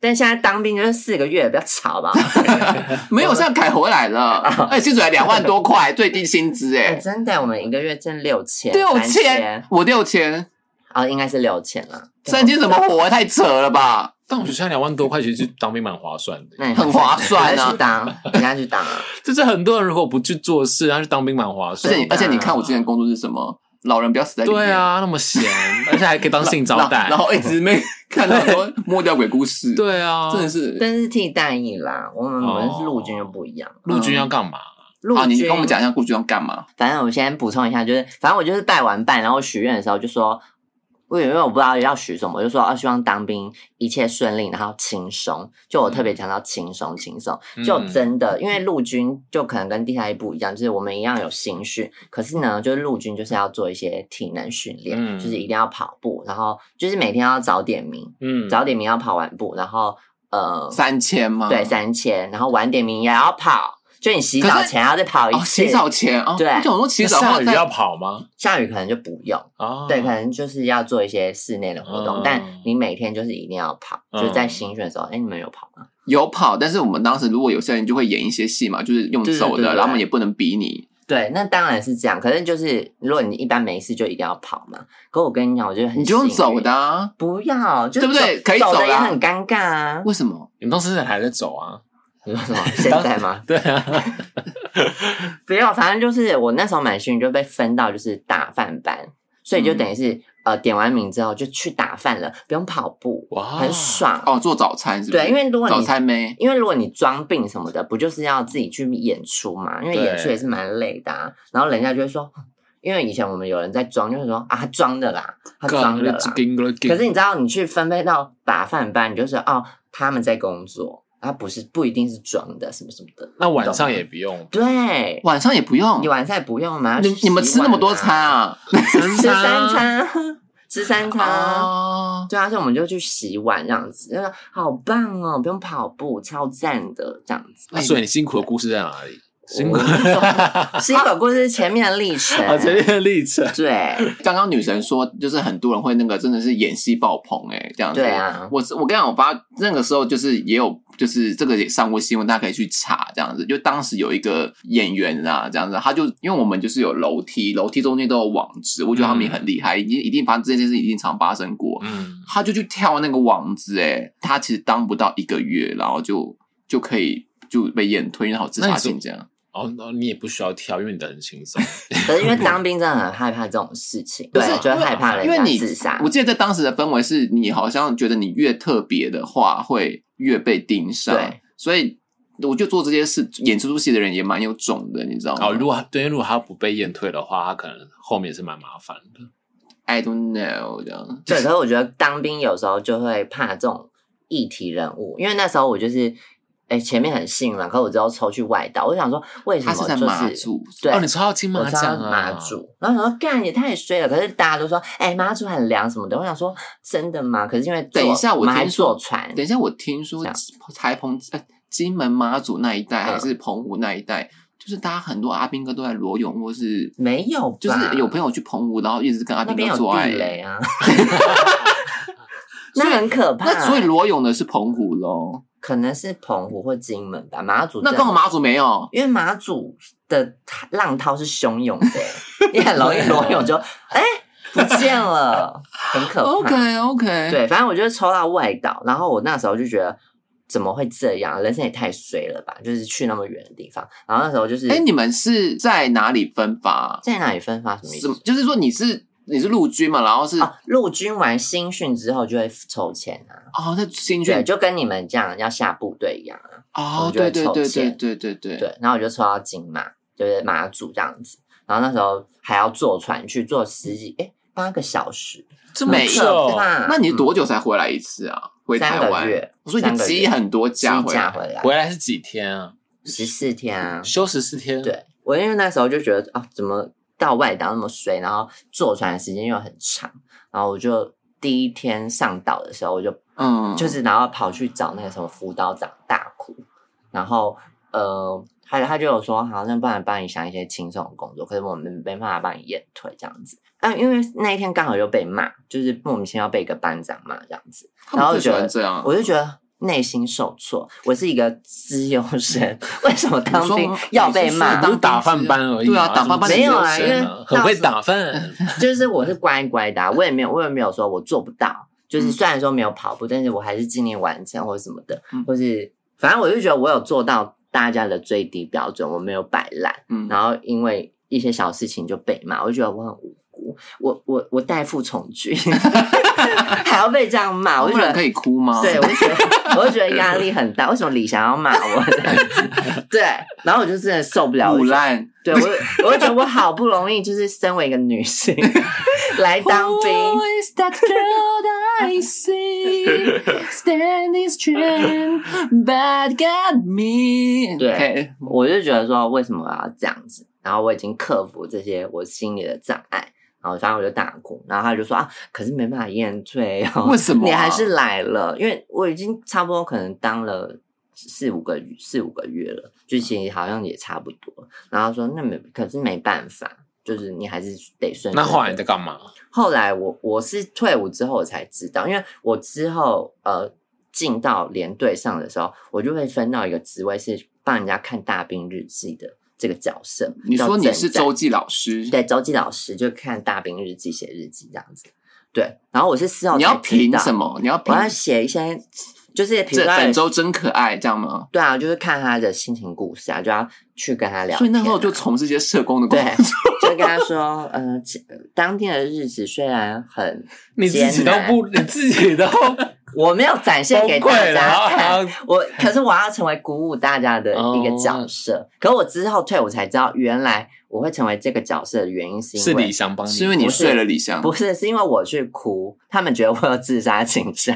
但現在當兵就是四個月，不要吵吧。 沒有，現在改回來了。 哎，薪水兩萬多塊， 最低薪資哎，真的，我們一個月掙六千，六千，五六千。啊、哦，應該是六千了，三千怎麼活？太扯了吧！ 但我覺得現在兩萬多塊錢去當兵蠻划算的 那，很划算啊！去當，應 該去當，啊。就是很多人如果不去做事，然後去當兵蠻划算而，啊。而且你看我之前工作是什麼？老人不要死在。對啊，那麼閒， 而且還可以當性招待， 然後然後一直沒看到說摸掉鬼故事。 對啊，真的是。真是替代役啦，我們我們是陸軍又不一樣，陸、哦嗯、軍要幹嘛？陸、啊、軍，啊、你跟我們講一下陸軍要幹嘛？反正我先補充一下，就是反正我就是拜完拜，然後許願的時候就說。因為因為我不知道要學什麼，我就說啊，希望當兵一切順利，然後輕鬆。就我特別強調輕鬆，輕鬆。就真的，因為陸軍就可能跟地下一步一樣，就是我們一樣有新訓，可是呢，就是陸軍就是要做一些體能訓練，嗯，就是一定要跑步，然後就是每天要早點名，嗯、早點名要跑完步，然後呃，三千嘛，對，三千，然後晚點名也要跑。就你洗澡前要再跑一次。哦、洗澡前哦，對。我想說洗澡後你就要跑嗎？下雨可能就不用哦。對，可能就是要做一些室內的活動，嗯、但你每天就是一定要跑，嗯、就在新訓的時候。哎、嗯欸，你們有跑嗎？有跑，但是我們當時如果有些人就會演一些戲嘛，就是用走的，對對對對，然後也不能逼你。對，那當然是這樣。可是就是如果你一般沒事，就一定要跑嘛。可我跟你講，我覺得很。你就用走的、啊，不要，就對不對？可以走的也很尷尬。啊。為什麼？你們當時還在走啊？你說什麼？現在嗎？ 對啊， 不要，反正就是我那時候蠻幸運，就被分到就是打飯班，所以就等於是、嗯、呃點完名之後就去打飯了，不用跑步，哇，很爽。哦，做早餐是不是？對，因為如果你早因為如果你裝病什麼的，不就是要自己去演出嘛？因為演出也是蠻累的啊。啊。然後人家就會說，因為以前我們有人在裝，就是說啊，裝的啦，他裝的啦的的。可是你知道，你去分配到打飯班，你就是哦，他們在工作。啊，不是，不一定是裝的，什麼什麼的。那晚上也不用，對，晚上也不用，你，你晚上也不用嗎？你你們吃那麼多餐啊？吃三餐， 吃三餐。 吃三餐 uh... 對啊，所以我們就去洗碗，這樣子就是好棒哦、喔，不用跑步，超讚的，這樣子。那所以你辛苦的故事在哪裡？新冠 新是新個故事前面的歷程，前面的歷程。對，剛剛女神說，就是很多人會那個，真的是演戲爆棚誒、欸，這樣子。對啊，我是我跟你講，我爸那個時候就是也有，就是這個也上過新聞，大家可以去查這樣子。就當時有一個演員啊，這樣子，他就因為我們就是有樓梯，樓梯中間都有網子，我覺得他們也很厲害，一定一定發生這件事，一定常發生過。嗯，他就去跳那個網子，誒，他其實當不到一個月，然後就就可以就被驗退，然後自殺性這樣。然後你也不需要跳，因為你得很輕鬆。可是因為當兵真的很害怕這種事情， 對，就是、害怕了。因為你自殺，我記得在當時的氛圍是你好像覺得你越特別的話會越被盯上，所以我就做這件事，演這部戲的人也蠻有種的，你知道嗎？Oh, 如果對，如果他不被驗退的話，他可能後面也是蠻麻煩的。I don't know，這樣 對。所以我覺得當兵有時候就會怕這種議題人物，因為那時候我就是。哎、欸，前面很興奮，可是我只要抽去外島，我就想說為什麼、就是、他是在馬祖對。哦，你抽到金門、啊，我抽到馬祖，然後想說幹也太衰了。可是大家都說，哎、欸，馬祖很涼什麼的。我想說，真的嗎？可是因為等一下我聽說，坐船等一下我聽說台澎哎、呃，金門馬祖那一帶、嗯、還是澎湖那一帶，就是大家很多阿兵哥都在裸泳，或是沒有吧，就是有朋友去澎湖，然後一直跟阿兵哥做啊， 那很可怕、啊。那所以裸泳的是澎湖嘍。可能是澎湖或金門吧，馬祖那跟我馬祖沒有，因為馬祖的浪濤是洶湧的， 你很容易挪泳就哎、欸、不見了，很可怕。 OK OK，對，反正我就是抽到外島，然後我那時候就覺得怎麼會這樣？人生也太衰了吧，就是去那麼遠的地方。然後那時候就是，哎、欸，你們是在哪裡分發？在哪裡分發？什麼意思？就是說你是。你是陸軍嘛？然後是陸、哦、軍完新訓之後就會抽籤啊。哦，那新訓就跟你們這樣要下部隊一樣啊。哦，對對對對對對對，對，對，對。然後我就抽到金馬，就是馬祖這樣子。然後那時候還要坐船去坐，坐十幾哎八個小時，這麼久、啊嗯？那你多久才回來一次啊？回台灣？三個月。我說你積很多假回來，回來，回來是幾天啊？十四天啊？休十四天、啊？對，我因為那時候就覺得啊，怎麼？到外島那麼衰，然後坐船的時間又很長，然後我就第一天上島的時候，我就嗯，就是然後跑去找那個什麼輔導長大哭，然後呃，他他就有說，好像不然幫你想一些輕鬆的工作，可是我們沒，沒辦法幫你延退這樣子，但、啊、因為那一天剛好就被罵，就是莫名其妙要被一個班長罵這樣子，然後我就覺得這樣、啊，我就覺得。內心受挫，我是一個資優生。為什麼當兵要被罵？當是打飯班而已。對啊，打飯班沒有啊，因為很會打飯。 就是我是乖乖的，啊，我也沒有，我也沒有說我做不到，就是雖然說沒有跑步， 但是我還是盡力完成或者什麼的，嗯、或是反正我就覺得我有做到大家的最低標準，我沒有擺爛，嗯，然後因為一些小事情就被罵，我覺得我很無。我我我代父從軍，還要被這樣罵，我不能可以哭嗎？對，我就覺得我就覺得壓力很大。為什麼李翔要罵我？對，然後我就真的受不了。腐爛，對我，我就覺得我好不容易就是身為一個女性來當兵。對，我就覺得說，為什麼我要這樣子？然後我已經克服這些我心裡的障礙。然後，反正我就打工，然後他就說啊，可是沒辦法驗退、哦、為什麼、啊、你還是來了？因為我已經差不多可能當了四五個四五個月了、啊，劇情好像也差不多。然後他說那沒，可是沒辦法，就是你還是得順。那後來你在幹嘛？後來我我是退伍之後我才知道，因為我之後呃進到連隊上的時候，我就會分到一個職位是幫人家看大兵日記的。這個角色，你說你是週記老師？對，週記老師就看大兵日記寫日記這樣子，對。然後我是希望你要憑什麼？你要憑什麼？我要寫一些，就是一些比如這本週真可愛，這樣嗎？對啊，就是看他的心情故事啊，就要去跟他聊，啊。所以那時候就從事一些社工的工作。對，就跟他說， 呃，當天的日子雖然很，你自己都不，你自己都。 我沒有展現給大家看，我可是我要成為鼓舞大家的一個角色。Oh. 可是我之後退，我才知道原來我會成為這個角色的原因是因為是，是李湘幫你，不是，是因為你睡了李湘，不是是因為我去哭，他們覺得我有自殺傾向，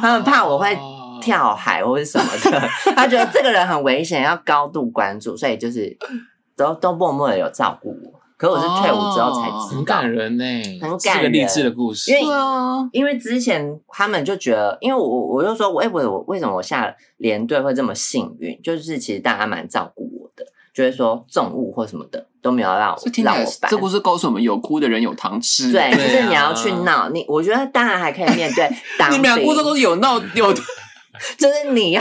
他們怕我會跳海或者什麼的，oh. 他覺得這個人很危險， 要高度關注，所以就是都都默默的有照顧我。可是我是退伍之後才知道，哦、很感人呢、欸，很感人，是個勵志的故事因為。對啊，因為之前他們就覺得，因為我我就說，哎、欸，我我為什麼我下了連隊會這麼幸運？就是其實大家蠻照顧我的，就是說重物或什麼的都沒有讓我聽讓我辦。這故事告訴我們：有哭的人有糖吃。對，就、啊、是你要去鬧你，我覺得當然還可以面對。 你們倆故事都是有鬧有， 就是你要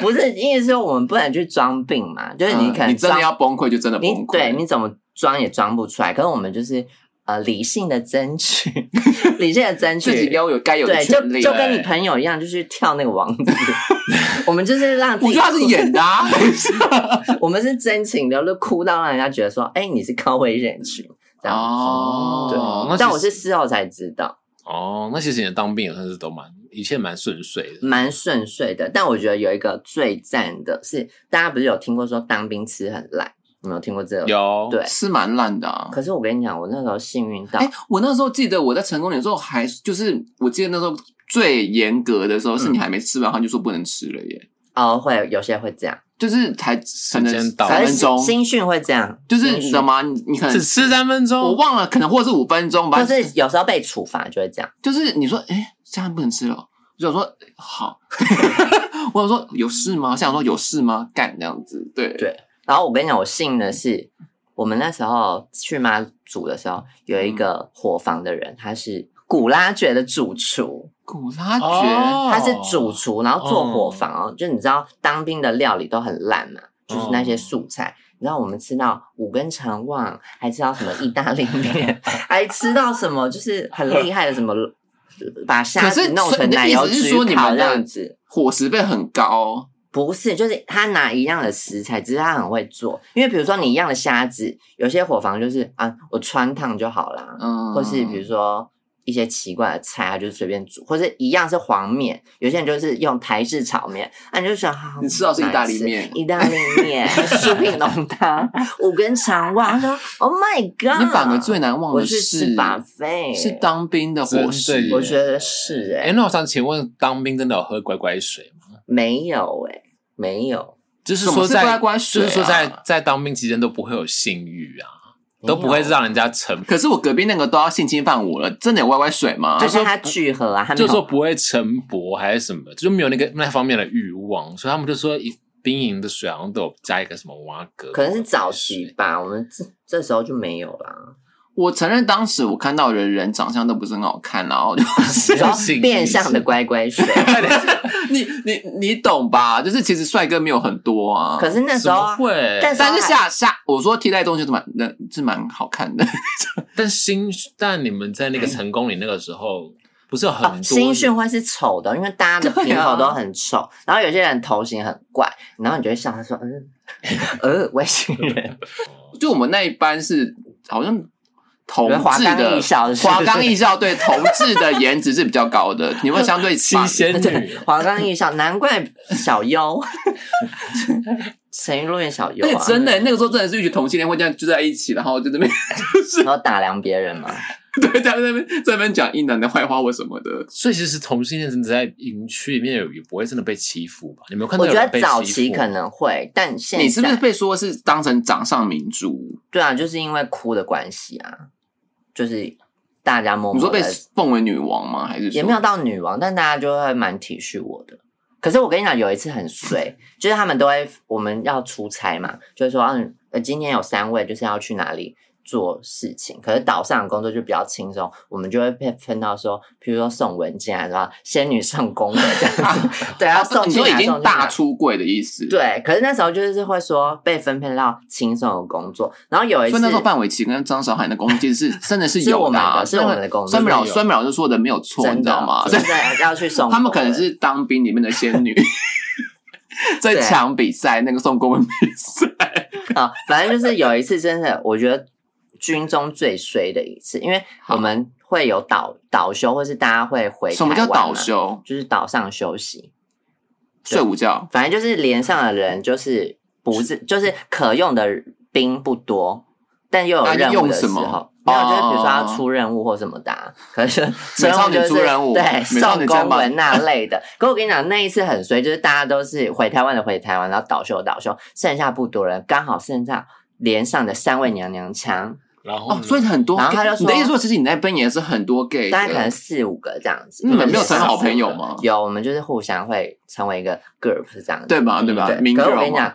不是因為說我們不能去裝病嘛？就是你可能、嗯、你真的要崩潰，就真的崩潰。對，你怎麼？裝也裝不出來，可是我們就是呃理性的爭取，理性的爭取，要 有該有的對，就對就跟你朋友一樣，就是跳那個王子。 我們就是讓你知道他是演的，啊， 我們是真情流露，就哭到讓人家覺得說，哎、欸，你是高危人群這樣子。哦，對，但我是事後才知道。哦，那其實你的當兵也算是都蠻一切蠻順遂的，蠻順遂的。但我覺得有一個最讚的是，大家不是有聽過說當兵吃很爛。有沒有聽過這個、有，對，吃蠻爛的，啊。可是我跟你講，我那時候幸運到。哎、欸，我那時候記得我在成功的時候還，還就是我記得那時候最嚴格的時候，是你還沒吃完，嗯，他就說不能吃了耶。哦，會有些會這樣，就是才可能三分鐘新訓會這樣，就是什麼？你你可能只吃三分鐘，我忘了，可能或者是五分鐘吧。就是有時候被處罰就會這樣，就是你說哎、欸，現在不能吃了，就想說好， 我想說有事嗎？想說有事嗎？幹這樣子，對對。然後我跟你講，我信的是，我們那時候去馬祖的時候，有一個伙房的人，他是古拉爵的主廚。古拉爵，哦、他是主廚，然後做伙房哦、嗯。就你知道，當兵的料理都很爛嘛，嗯、就是那些素菜。然、哦、後我們吃到五更腸旺，還吃到什麼意大利麵， 還吃到什麼就是很厲害的什麼， 把蝦子弄成奶油樣。是那意思是說你們這樣子伙食費很高。不是，就是他拿一樣的食材，只是他很會做。因為比如說你一樣的蝦子，有些伙房就是啊，我汆燙就好啦。嗯，或是比如說一些奇怪的菜，他就是隨便煮，或者一樣是黃麵，有些人就是用台式炒麵，啊，你就想，好、啊，你知道是意大利麵？意大利麵，酥皮濃湯、五更腸旺，他 說，Oh my God！你反而最難忘的是什麼？是當兵的伙食，我覺得是哎、欸。那我想請問，當兵真的有喝乖乖水嗎？沒有哎、欸。沒有，就是說在乖乖水、啊，就是說在在當兵期間都不會有性欲啊，都不會讓人家成。可是我隔壁那個都要性侵犯我了，真的有歪歪水嗎？就是他聚合啊，他就是說不會晨勃還是什麼，就沒有那個那方面的欲望，所以他們就說，兵營的水好像都有加一個什麼蛙格，可能是早期吧，我們這這時候就沒有了。我承認，當時我看到人人長相都不是很好看，然後就是變相的乖乖水。你你你懂吧？就是其實帥哥沒有很多啊。可是那時候會時候，但是下下我說替代役是蠻是蠻好看的。但新但你們在那個成功裡那個時候不是很多。新訓會是醜的，因為大家的面孔都很醜，然後有些人頭型很怪，然後你就會笑他說呃呃外星人。 就我們那一班是好像。同志的華岡藝校，對。 同志的顏值是比較高的，你會相對七仙女？華岡藝校難怪小妖沈魚落雁小妖啊！對！真的，欸，那個時候真的是一群同性戀會這樣聚在一起，然後就這邊、就是，然後打量別人嘛。對，在那邊在那邊講異男的壞話或什麼的。所以其實同性戀真的在營區裡面也不會真的被欺負吧？你有沒有看到有？我覺得早期可能會，但現在你是不是被說是當成掌上明珠？對啊，就是因為哭的關係啊。就是大家默默，你說被奉為女王嗎？還是也沒有到女王，但大家就會蠻體恤我的。可是我跟你講，有一次很衰， 就是他們都會我們要出差嘛，就是說，嗯、啊，今天有三位就是要去哪裡。做事情，可是島上的工作就比較輕鬆，我們就會被分到說，比如說送文件是吧？仙女送工。的這樣子，啊對啊，送文件，啊、已經大出櫃的意思。對，可是那時候就是會說被分配到輕鬆的工作。然後有一次，所以那時候范瑋琪跟張韶涵的工作就是真的是有嘛，啊？是我們的工作就的。孫淼孫淼就說的沒有錯，你知道嗎？對。對要去送，他們可能是當兵裡面的仙女，在 搶比賽那個送公文比賽啊，反正就是有一次真的，我覺得。軍中最衰的一次，因為我們會有島、島休，或是大家會回台灣、啊、什麼叫島休？就是島上休息，睡午覺。反正就是連上的人就是不是，是，就是可用的兵不多，但又有任務的時候，啊、用什麼沒有，就是比如說要出任務或什麼的、啊啊。可是，超你出任務，對，送公文那類的。 可我跟你講，那一次很衰，就是大家都是回台灣的回台灣，然後島休島休，休，剩下不多人，剛好剩下連上的三位娘娘腔。然後哦，所以很多。然後他就說你的意思說，其實你在邊也是很多 gay，大概可能四五個這樣子。你、嗯、們沒有成為好朋友嗎？有，我們就是互相會成為一個 girl，是這樣子。對吧？對吧 g i 我跟你講，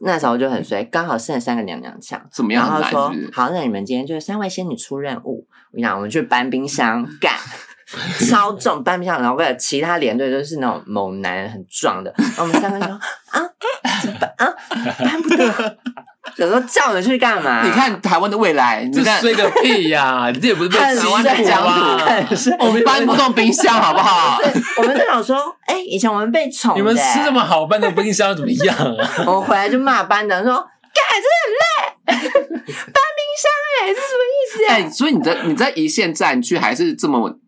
那時候就很衰，剛好剩三個娘娘腔。怎麼樣？然後說，好，那你們今天就是三位仙女出任務。我跟你講，我們去搬冰箱， 幹，超重，搬冰箱。然後其他連隊都是那種猛男，很壯的。然後我們三個說 啊、欸，怎麼辦啊？搬不動。 有時候叫你去幹嘛？你看台灣的未來，你看睡個屁呀、啊！ 你這也不是被欺負嗎？ 我們搬不動冰箱，好不好？ 我們就想說，哎、欸，以前我們被寵、欸，你們吃這麼好，搬個冰箱又怎麼樣啊？ 我們回來就罵班長說：“幹，真的很累，搬 冰箱哎、欸，是什麼意思、啊？”哎、欸，所以你在你在一線戰區還是這麼穩。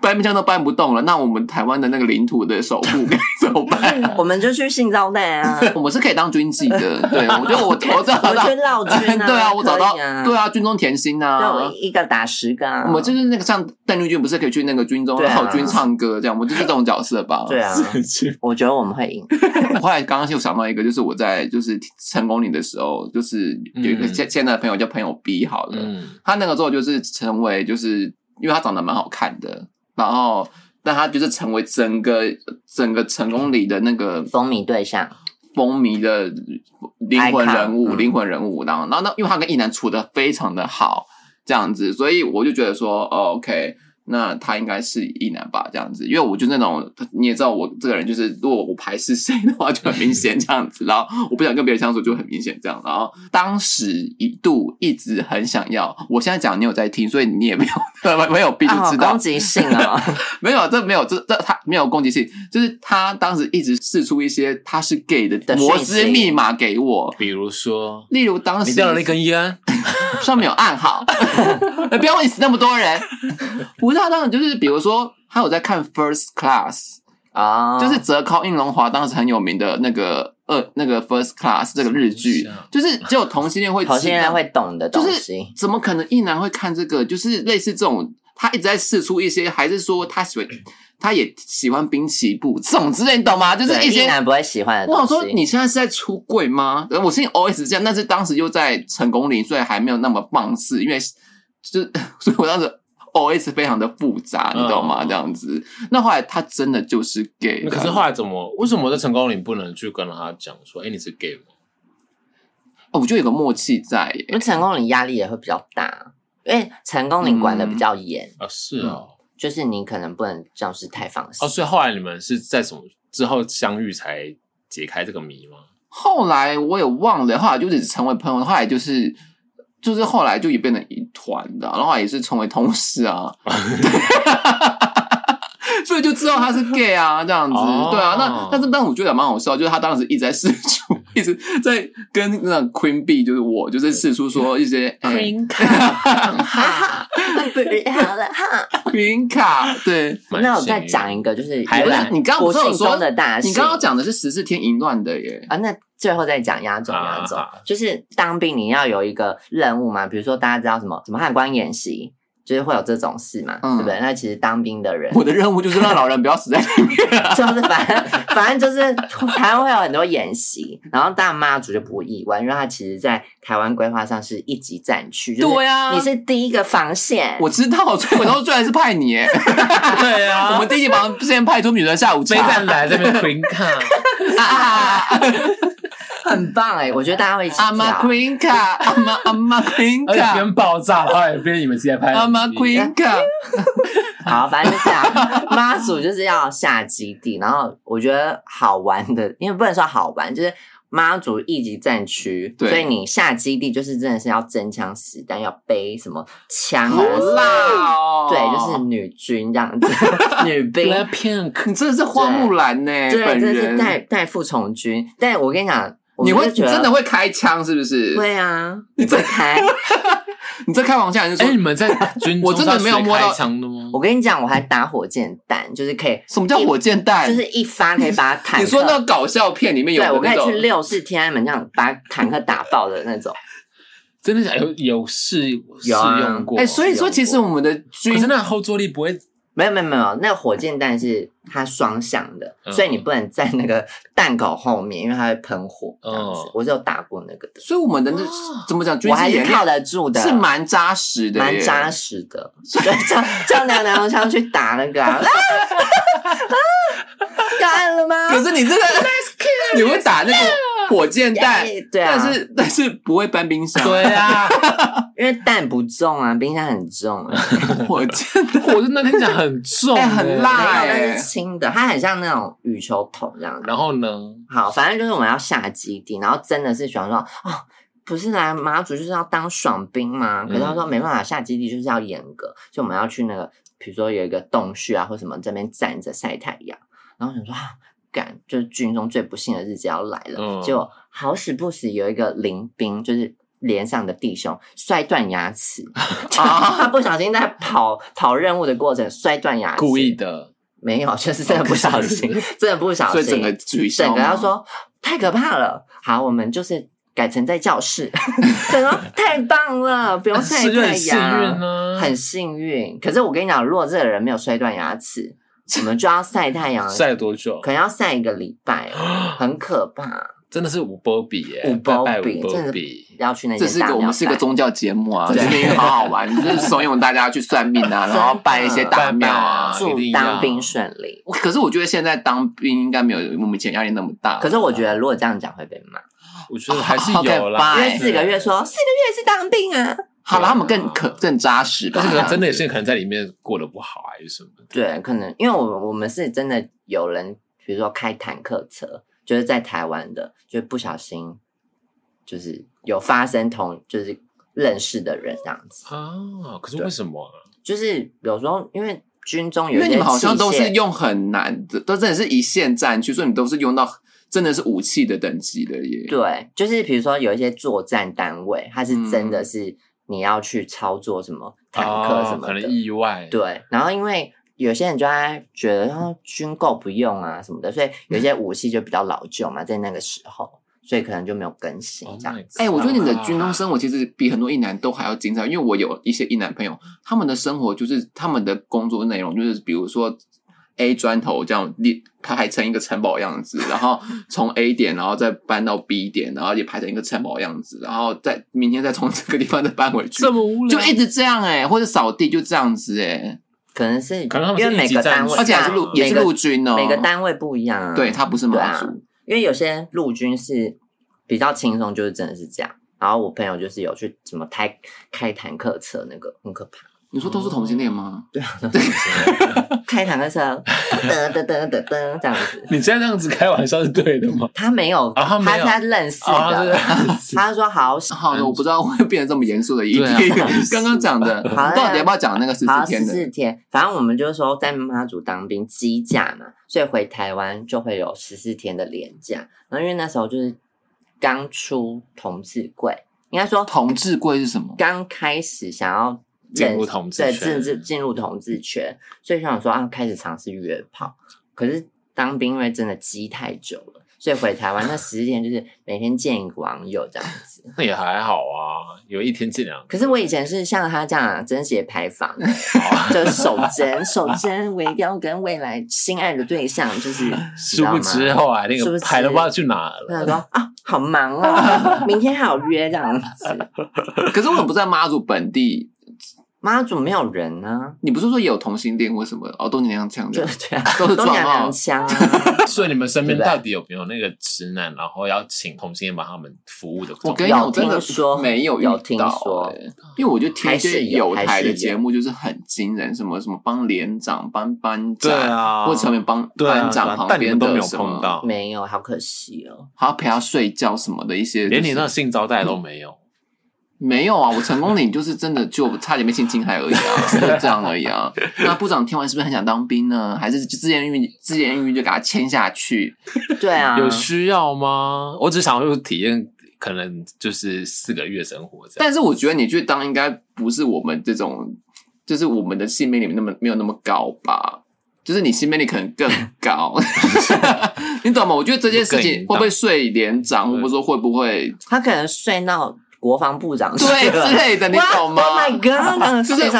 搬冰箱都搬不動了，那我們台灣的那個領土的守護該怎麼辦、啊？ 我們就去性招待啊！ 我們是可以當軍妓的，對，我覺得我我找到 我軍老、啊、軍、嗯，對啊，我找到啊對啊，軍中甜心啊。我一個打十個、啊，我們就是那個像鄧麗君，不是可以去那個軍中、啊、然後軍唱歌這樣，我就是這種角色吧。對啊，我覺得我們會贏。我 後來剛剛就想到一個，就是我在就是成功嶺的時候，就是有一個現現在朋友叫朋友 B 好了、嗯，他那個時候就是成為就是。因為他長得蠻好看的，然後，但他就是成為整個整個成功里的那個風靡對象，風靡的靈魂人物，come, 靈魂人物。然後，然後呢，因為他跟役男處得非常的好，這樣子，所以我就覺得說，OK。那他應該是一男吧，這樣子，因為我就那種，你也知道我這個人就是，如果我排斥誰的話，就很明顯這樣子。 然後我不想跟別人相處，就很明顯這樣。然後當時一度一直很想要，我現在講你有在聽，所以你也沒有，沒有，沒有必須知道，攻擊性啊？ 沒有，這沒有，這這他沒有攻擊性，就是他當時一直釋出一些他是 gay 的摩斯密碼給我，比如說，例如當時你掉了那根煙。 上面有暗號， 不要問死那麼多人。 不大他當然就是，比如說他有在看《First Class》啊，就是澤尻英龍華當時很有名的那個、呃、那個《First Class》這個日劇，就是只有同性戀會，同性戀會懂的，就是怎麼可能異男會看這個？就是類似這種，他一直在釋出一些，還是說他喜歡？他也喜歡濱崎步，布，總之你懂嗎？就是一些男不會喜歡，我想說你現在是在出櫃嗎？我心 OS 這樣，但是當時又在成功嶺，所以還沒有那麼放肆，因為就所以我當時 OS 非常的複雜，你懂嗎？嗯、這樣子。那後來他真的就是 gay，、嗯、可是後來怎麼為什麼我在成功嶺不能去跟他講說，哎、欸，你是 gay 嗎、哦？我就有個默契在，因為成功嶺壓力也會比較大，因為成功嶺管的比較嚴、嗯、啊，是哦、嗯就是你可能不能這樣是太放心哦，所以後來你們是在什麼之後相遇才解開這個謎嗎？後來我也忘了，後來就只是成為朋友，後來就是就是後來就也變成一團的，然後也是成為同事啊。 所以就知道他是 gay 啊，這樣子，oh, 對啊。那，uh, 但是但我覺得蠻好笑，就是他當時一直在試出，一直在跟那個 Queen Bee，就是我，就是試出說一些。Queen Card 哈對好了哈。Queen Card 對。那我再講一個、就是，就是還是有你剛剛我說的，大你剛剛講的是十四天淫亂的耶啊。那最後再講壓軸壓軸，就是當兵你要有一個任務嘛，比如說大家知道什麼什麼漢光演習。就是會有這種事嘛，嗯，對不對？那其實當兵的人，我的任務就是讓老人不要死在裡面。 就是反正反正就是台灣會有很多演習，然後大媽主就不會意外，因為她其實在台灣規劃上是一級戰區。對呀，你是第一個防線。啊， 我知道，所以我到最後是派你。對呀，啊， 我們第一個防線派出女神下午茶。非但來這邊蹲 啊，啊，啊啊！很棒哎、欸，我覺得大家會。阿媽 Queen 卡，啊、阿媽阿媽 Queen 卡，先爆炸了哎，不 然你們現在拍。阿媽 Queen 卡， 好，反正就這樣。 媽祖就是要下基地，然後我覺得好玩的，因為不能說好玩，就是媽祖一級戰區，對。所以你下基地就是真的是要真槍實彈，要背什麼槍。好辣哦！對，就是女軍這樣子， 女兵。你真的是花木蘭呢、欸？對，這是代代父從軍。但我跟你講。你會真的會開槍，是不是？對啊，你在開，哈哈你在開玩笑，還是說、欸、你們在軍？ 我真的沒有摸到槍的嗎？ 我跟你講，我還打火箭彈，就是可以。什麼叫火箭彈？就是一發可以把坦克。你說那個搞笑片裡面有對對？我跟你去六四天安門這樣把坦克打爆的那種。真的假？有有試試、啊、用過？哎、欸，所以說其實我們的軍真的後坐力不會。沒有沒有沒有，那火箭彈是它雙向的，uh -huh. 所以你不能在那個彈口後面，因為它會噴火。這樣子，uh -huh. 我就有打過那個的。所以我們的那怎麼講，我還也靠得住的，是蠻扎實的，的，蠻扎實的。這樣這樣娘娘腔去打那個、啊， 啊啊啊、 要幹了嗎？可是你這個，kill 你會打那個？火箭彈，對啊，但是但是不會搬冰箱，對啊， 因為蛋不重啊，冰箱很重啊。 火箭的，火 箭那很重，欸欸，很辣，欸，但是輕的，它很像那種羽球筒這樣，然後呢，好，反正就是我們要下基地，然後真的是想說哦，不是來馬祖就是要當爽兵嗎？可是他說沒辦法下基地，就是要嚴格，就、嗯、我們要去那個，比如說有一個洞穴啊，或什麼這邊站着曬太陽，然後想說，啊感就是軍中最不幸的日子要來了，嗯、結果好死不死有一個林兵就是連上的弟兄摔斷牙齒， oh, 他不小心在跑 跑任務的過程摔斷牙齒，故意的沒有，就是真的不小心， 真的不小心。 所以整個意，整個要說太可怕了。好，我們就是改成在教室，他 說 太棒了，不用摔斷牙很幸運、啊，很幸運。可是我跟你講，如果這個人沒有摔斷牙齒。 我們就要曬太陽，曬多久？可能要曬一個禮拜，哦， 很可怕，啊。真的是五波比耶，欸，五波比，真的是要去那些大廟，這是一個，我們是一個宗教節目啊， 這是一個很好玩，就是慫恿大家去算命啊， 然後拜一些大廟啊，祝當兵順利，啊。可是我覺得現在當兵應該沒有我們以前壓力那麼大，啊。可是我覺得如果這樣講會被罵。我覺得還是有啦，okay,，因為四個月說 四個月是當兵啊。好了，他、啊、們更可、啊、更扎實吧？但是可能真的有些可能在裡面過得不好，還是什麼？對，可能因為我們我們是真的有人，比如說開坦克車，就是在台灣的，就是、不小心就是有發生同就是認識的人這樣子啊。可是為什麼？就是有時候因為軍中有一些，因為你們好像都是用很難的，都真的是一線戰區，所以你都是用到真的是武器的等級的耶。對。就是比如說有一些作戰單位，它是真的是。嗯你要去操作什麼坦克什麼的、哦，可能意外。對，然後因為有些人就愛覺得軍購不用啊什麼的，所以有些武器就比較老舊嘛，嗯、在那個時候，所以可能就沒有更新。這樣，哎、oh，我覺得你的軍中生活其實比很多役男都還要精彩，因為我有一些役男朋友，他們的生活就是他們的工作內容就是，比如說。A 磚頭這樣立，還成一個城堡樣子， 然後從 A 點，然後再搬到 B 點，然後也排成一個城堡樣子，然後再明天再從這個地方再搬回去，這麼無聊就一直這樣哎、欸，或者掃地就這樣子哎、欸，可能是，可能是，因為每個單位而且還是陸、啊、也是陸軍哦，每個，每個單位不一樣，啊。對，它不是馬祖、啊，因為有些陸軍是比較輕鬆，就是真的是這樣。然後我朋友就是有去什麼開開坦克車，那個很可怕。你說都是同性戀嗎？嗯、對啊，對，開坦克車，噔噔噔噔噔這樣子。你現在這樣子開玩笑是對的嗎？他沒有，啊、他有他認識的，啊、他說好好，我不知道會變得這麼嚴肅的一個剛剛講的，的到底要不要講那個十四天的？十四天，反正我們就是說在馬祖當兵，積假嘛，所以回台灣就會有十四天的連假。然後因為那時候就是剛出同志櫃，應該說同志櫃是什麼？剛開始想要。進入同志，對，進進入同志圈。所以想說啊，開始嘗試約炮。可是當兵因為真的積太久了，所以回台灣 那十幾天，就是每天見一個網友這樣子，那 也還好啊，有一天見兩。可是我以前是像他這樣、啊，真寫牌坊的，啊、 就首先首先維要跟未來心愛的對象就是， 知道嗎 殊不知後來、啊、那個牌都不知道去哪了。他 說啊，好忙哦， 明天還有約這樣子。 可是我怎麼不在媽祖本地？媽，怎麼沒有人呢、啊？你不是說有同性戀？為什麼？哦，都你那樣講的對對、啊，都是這樣，都是壯漢搶啊！ 所以你們身邊到底有沒有那個直男， 然後要請同性戀幫他們服務的？我跟你有真的說沒有，欸有說，有聽說。因為我就聽一些友台的節目，就是很驚人，什麼什麼幫連長、幫班長，對啊，或者上面幫班長旁邊、啊啊、沒有碰到。沒有，好可惜哦。還要陪他睡覺什麼的，一些、就是、連你那種性招待都沒有。 沒有啊，我成功嶺就是真的就差點沒進金馬而已啊， 是就這樣而已啊。那部長聽完是不是很想當兵呢？還是自願役，自願役就給他簽下去？對啊，有需要嗎？我只想就體驗，可能就是四個月生活這樣。但是我覺得你去當應該不是我們這種，就是我們的性命力那麼沒有那麼高吧？就是你性命力可能更高， 你懂嗎？我覺得這件事情會不會睡連長，或者說會不會他可能睡鬧。國防部長之類的對， 你懂嗎、oh my God,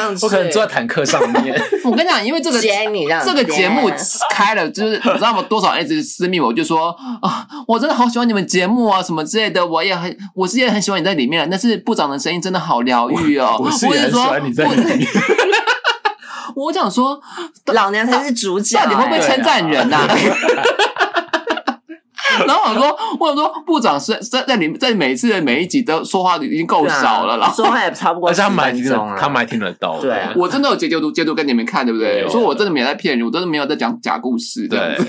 我不可能坐在坦克上面。 我跟你講，因為這個這，這個節目開了，就是不知道我 多少人一直私密，我就說啊，我真的好喜歡你們節目啊，什麼之類的，我也很，我之前很喜歡你在裡面了，但是部長的聲音真的好療癒哦。我是很喜歡你在裡面 我想。我講說，老娘才是主角。欸，你會不會稱讚人吶、啊？ 然後我說，我想說部長是，在在你在每一次的每一集都說話已經夠少了，啊、然後說話也差不多他，他蠻聽，他蠻聽得到。對、啊 對啊，我真的有截圖截圖跟你們看，對不對？對啊，所以說我真的沒有在騙你，我真的沒有在講假故事。對、對、對，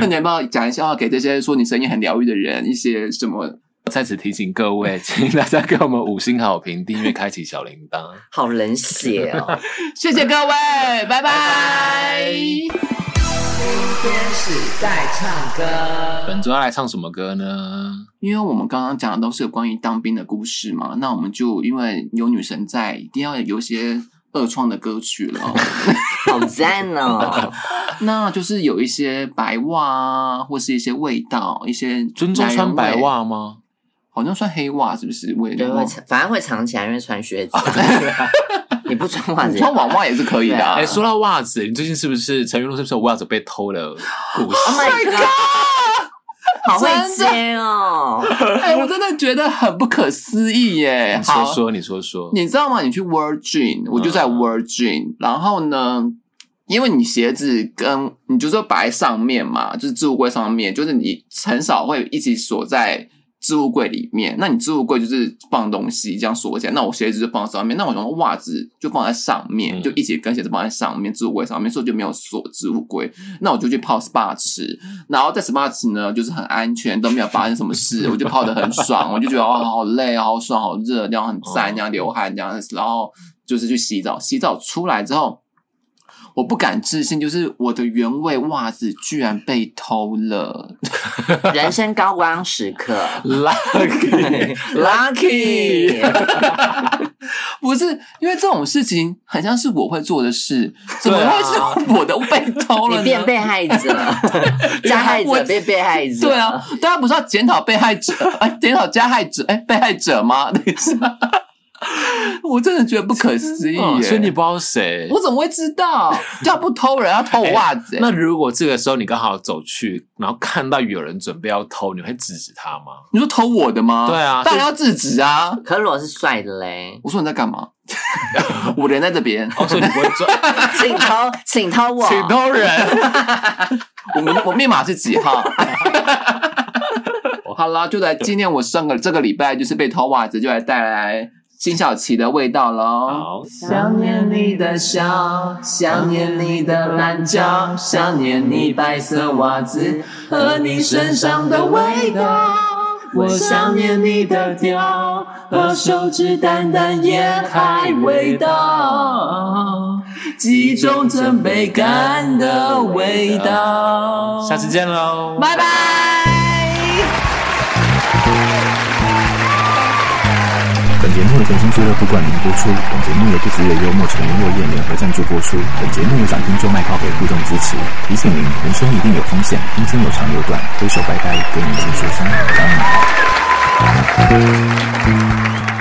那 你們不我講一些話，啊、給這些說你聲音很療癒的人一些什麼。在此提醒各位，請大家給我們五星好評，訂 閱，開啟小鈴鐺。好冷血哦！ 謝謝各位，拜 拜。Bye bye 聽天使在唱歌。本週要來唱什麼歌呢？因為我們剛剛講的都是有關於當兵的故事嘛，那我們就因為有女神在，一定要有一些二創的歌曲了。 好讚讚哦、喔！ 那就是有一些白襪，或是一些味道。一些尊重穿白襪嗎？好像穿黑襪，是不是味道？對，反正會藏起來，因為穿靴子。 你不穿襪子，穿網襪也是可以的，啊 欸，誒，說到襪子，你最近是不是陳雲露是不是有襪子被偷的故事？Oh my God！好 真的好會哦，！ 哎，欸，我真的覺得很不可思議耶！你說說，你說說，你知道嗎？你去 World Gym 我就在 World Gym，嗯，然後呢，因為你鞋子，跟你就說擺上面嘛，就是置物櫃上面，就是你很少會一直鎖在。置物櫃裡面，那你置物櫃就是放東西，這樣鎖起來。那我鞋子就放在上面，那我用襪子就放在上面、嗯，就一起跟鞋子放在上面。置物櫃上面，所以就沒有鎖置物櫃。那我就去泡 SPA 池，然後在 SPA 池呢，就是很安全，都沒有發生什麼事， 我就泡的很爽，我就覺得啊、哦，好累，好爽，好熱，然後很曬，那樣流汗，這樣子，然後就是去洗澡，洗澡出來之後。我不敢置信，就是我的原味襪子居然被偷了，人生高光時刻 ，Lucky Lucky， 不是因為這種事情，很像是我會做的事、啊，怎麼會是我的被偷了呢？你變被害者， 加害者變被、被害者，對啊，大家不是要檢討被害者，哎、 啊，檢討加害者，哎、欸，被害者嗎？哈 我真的覺得不可思議、欸嗯，所以你不知道誰，我怎麼會知道？叫不偷人，要偷襪子、欸欸。那如果這個時候你剛好走去，然後看到有人準備要偷，你會制止他嗎？你說偷我的嗎？對啊，當然要制止啊。可是我是帥的嘞，我說你在幹嘛？是我，是我，幹嘛 我人在這邊。我、哦、說你不會轉， 請偷，請偷我，請偷人。 我我密碼是幾號？ 好啦，就在紀念我上個這個禮拜就是被偷襪子，就來帶來。辛曉琪的味道嘍。好、oh,。想念你的笑，oh, 想念你的懶覺，想念你白色襪子和你,和,你和你身上的味道。我想念你的調和手指淡淡菸草味道，記憶中曾被愛的味道。下次見嘍。拜拜。 本節目由甜心俱樂部冠名播出，本節目由不只有幽默傳媒影業聯合贊助播出，本節目由掌聽做麥靠給互動支持。提醒您，人生一定有風險，人生有長有短，揮手拜拜，您一祝福聲，感恩。嗯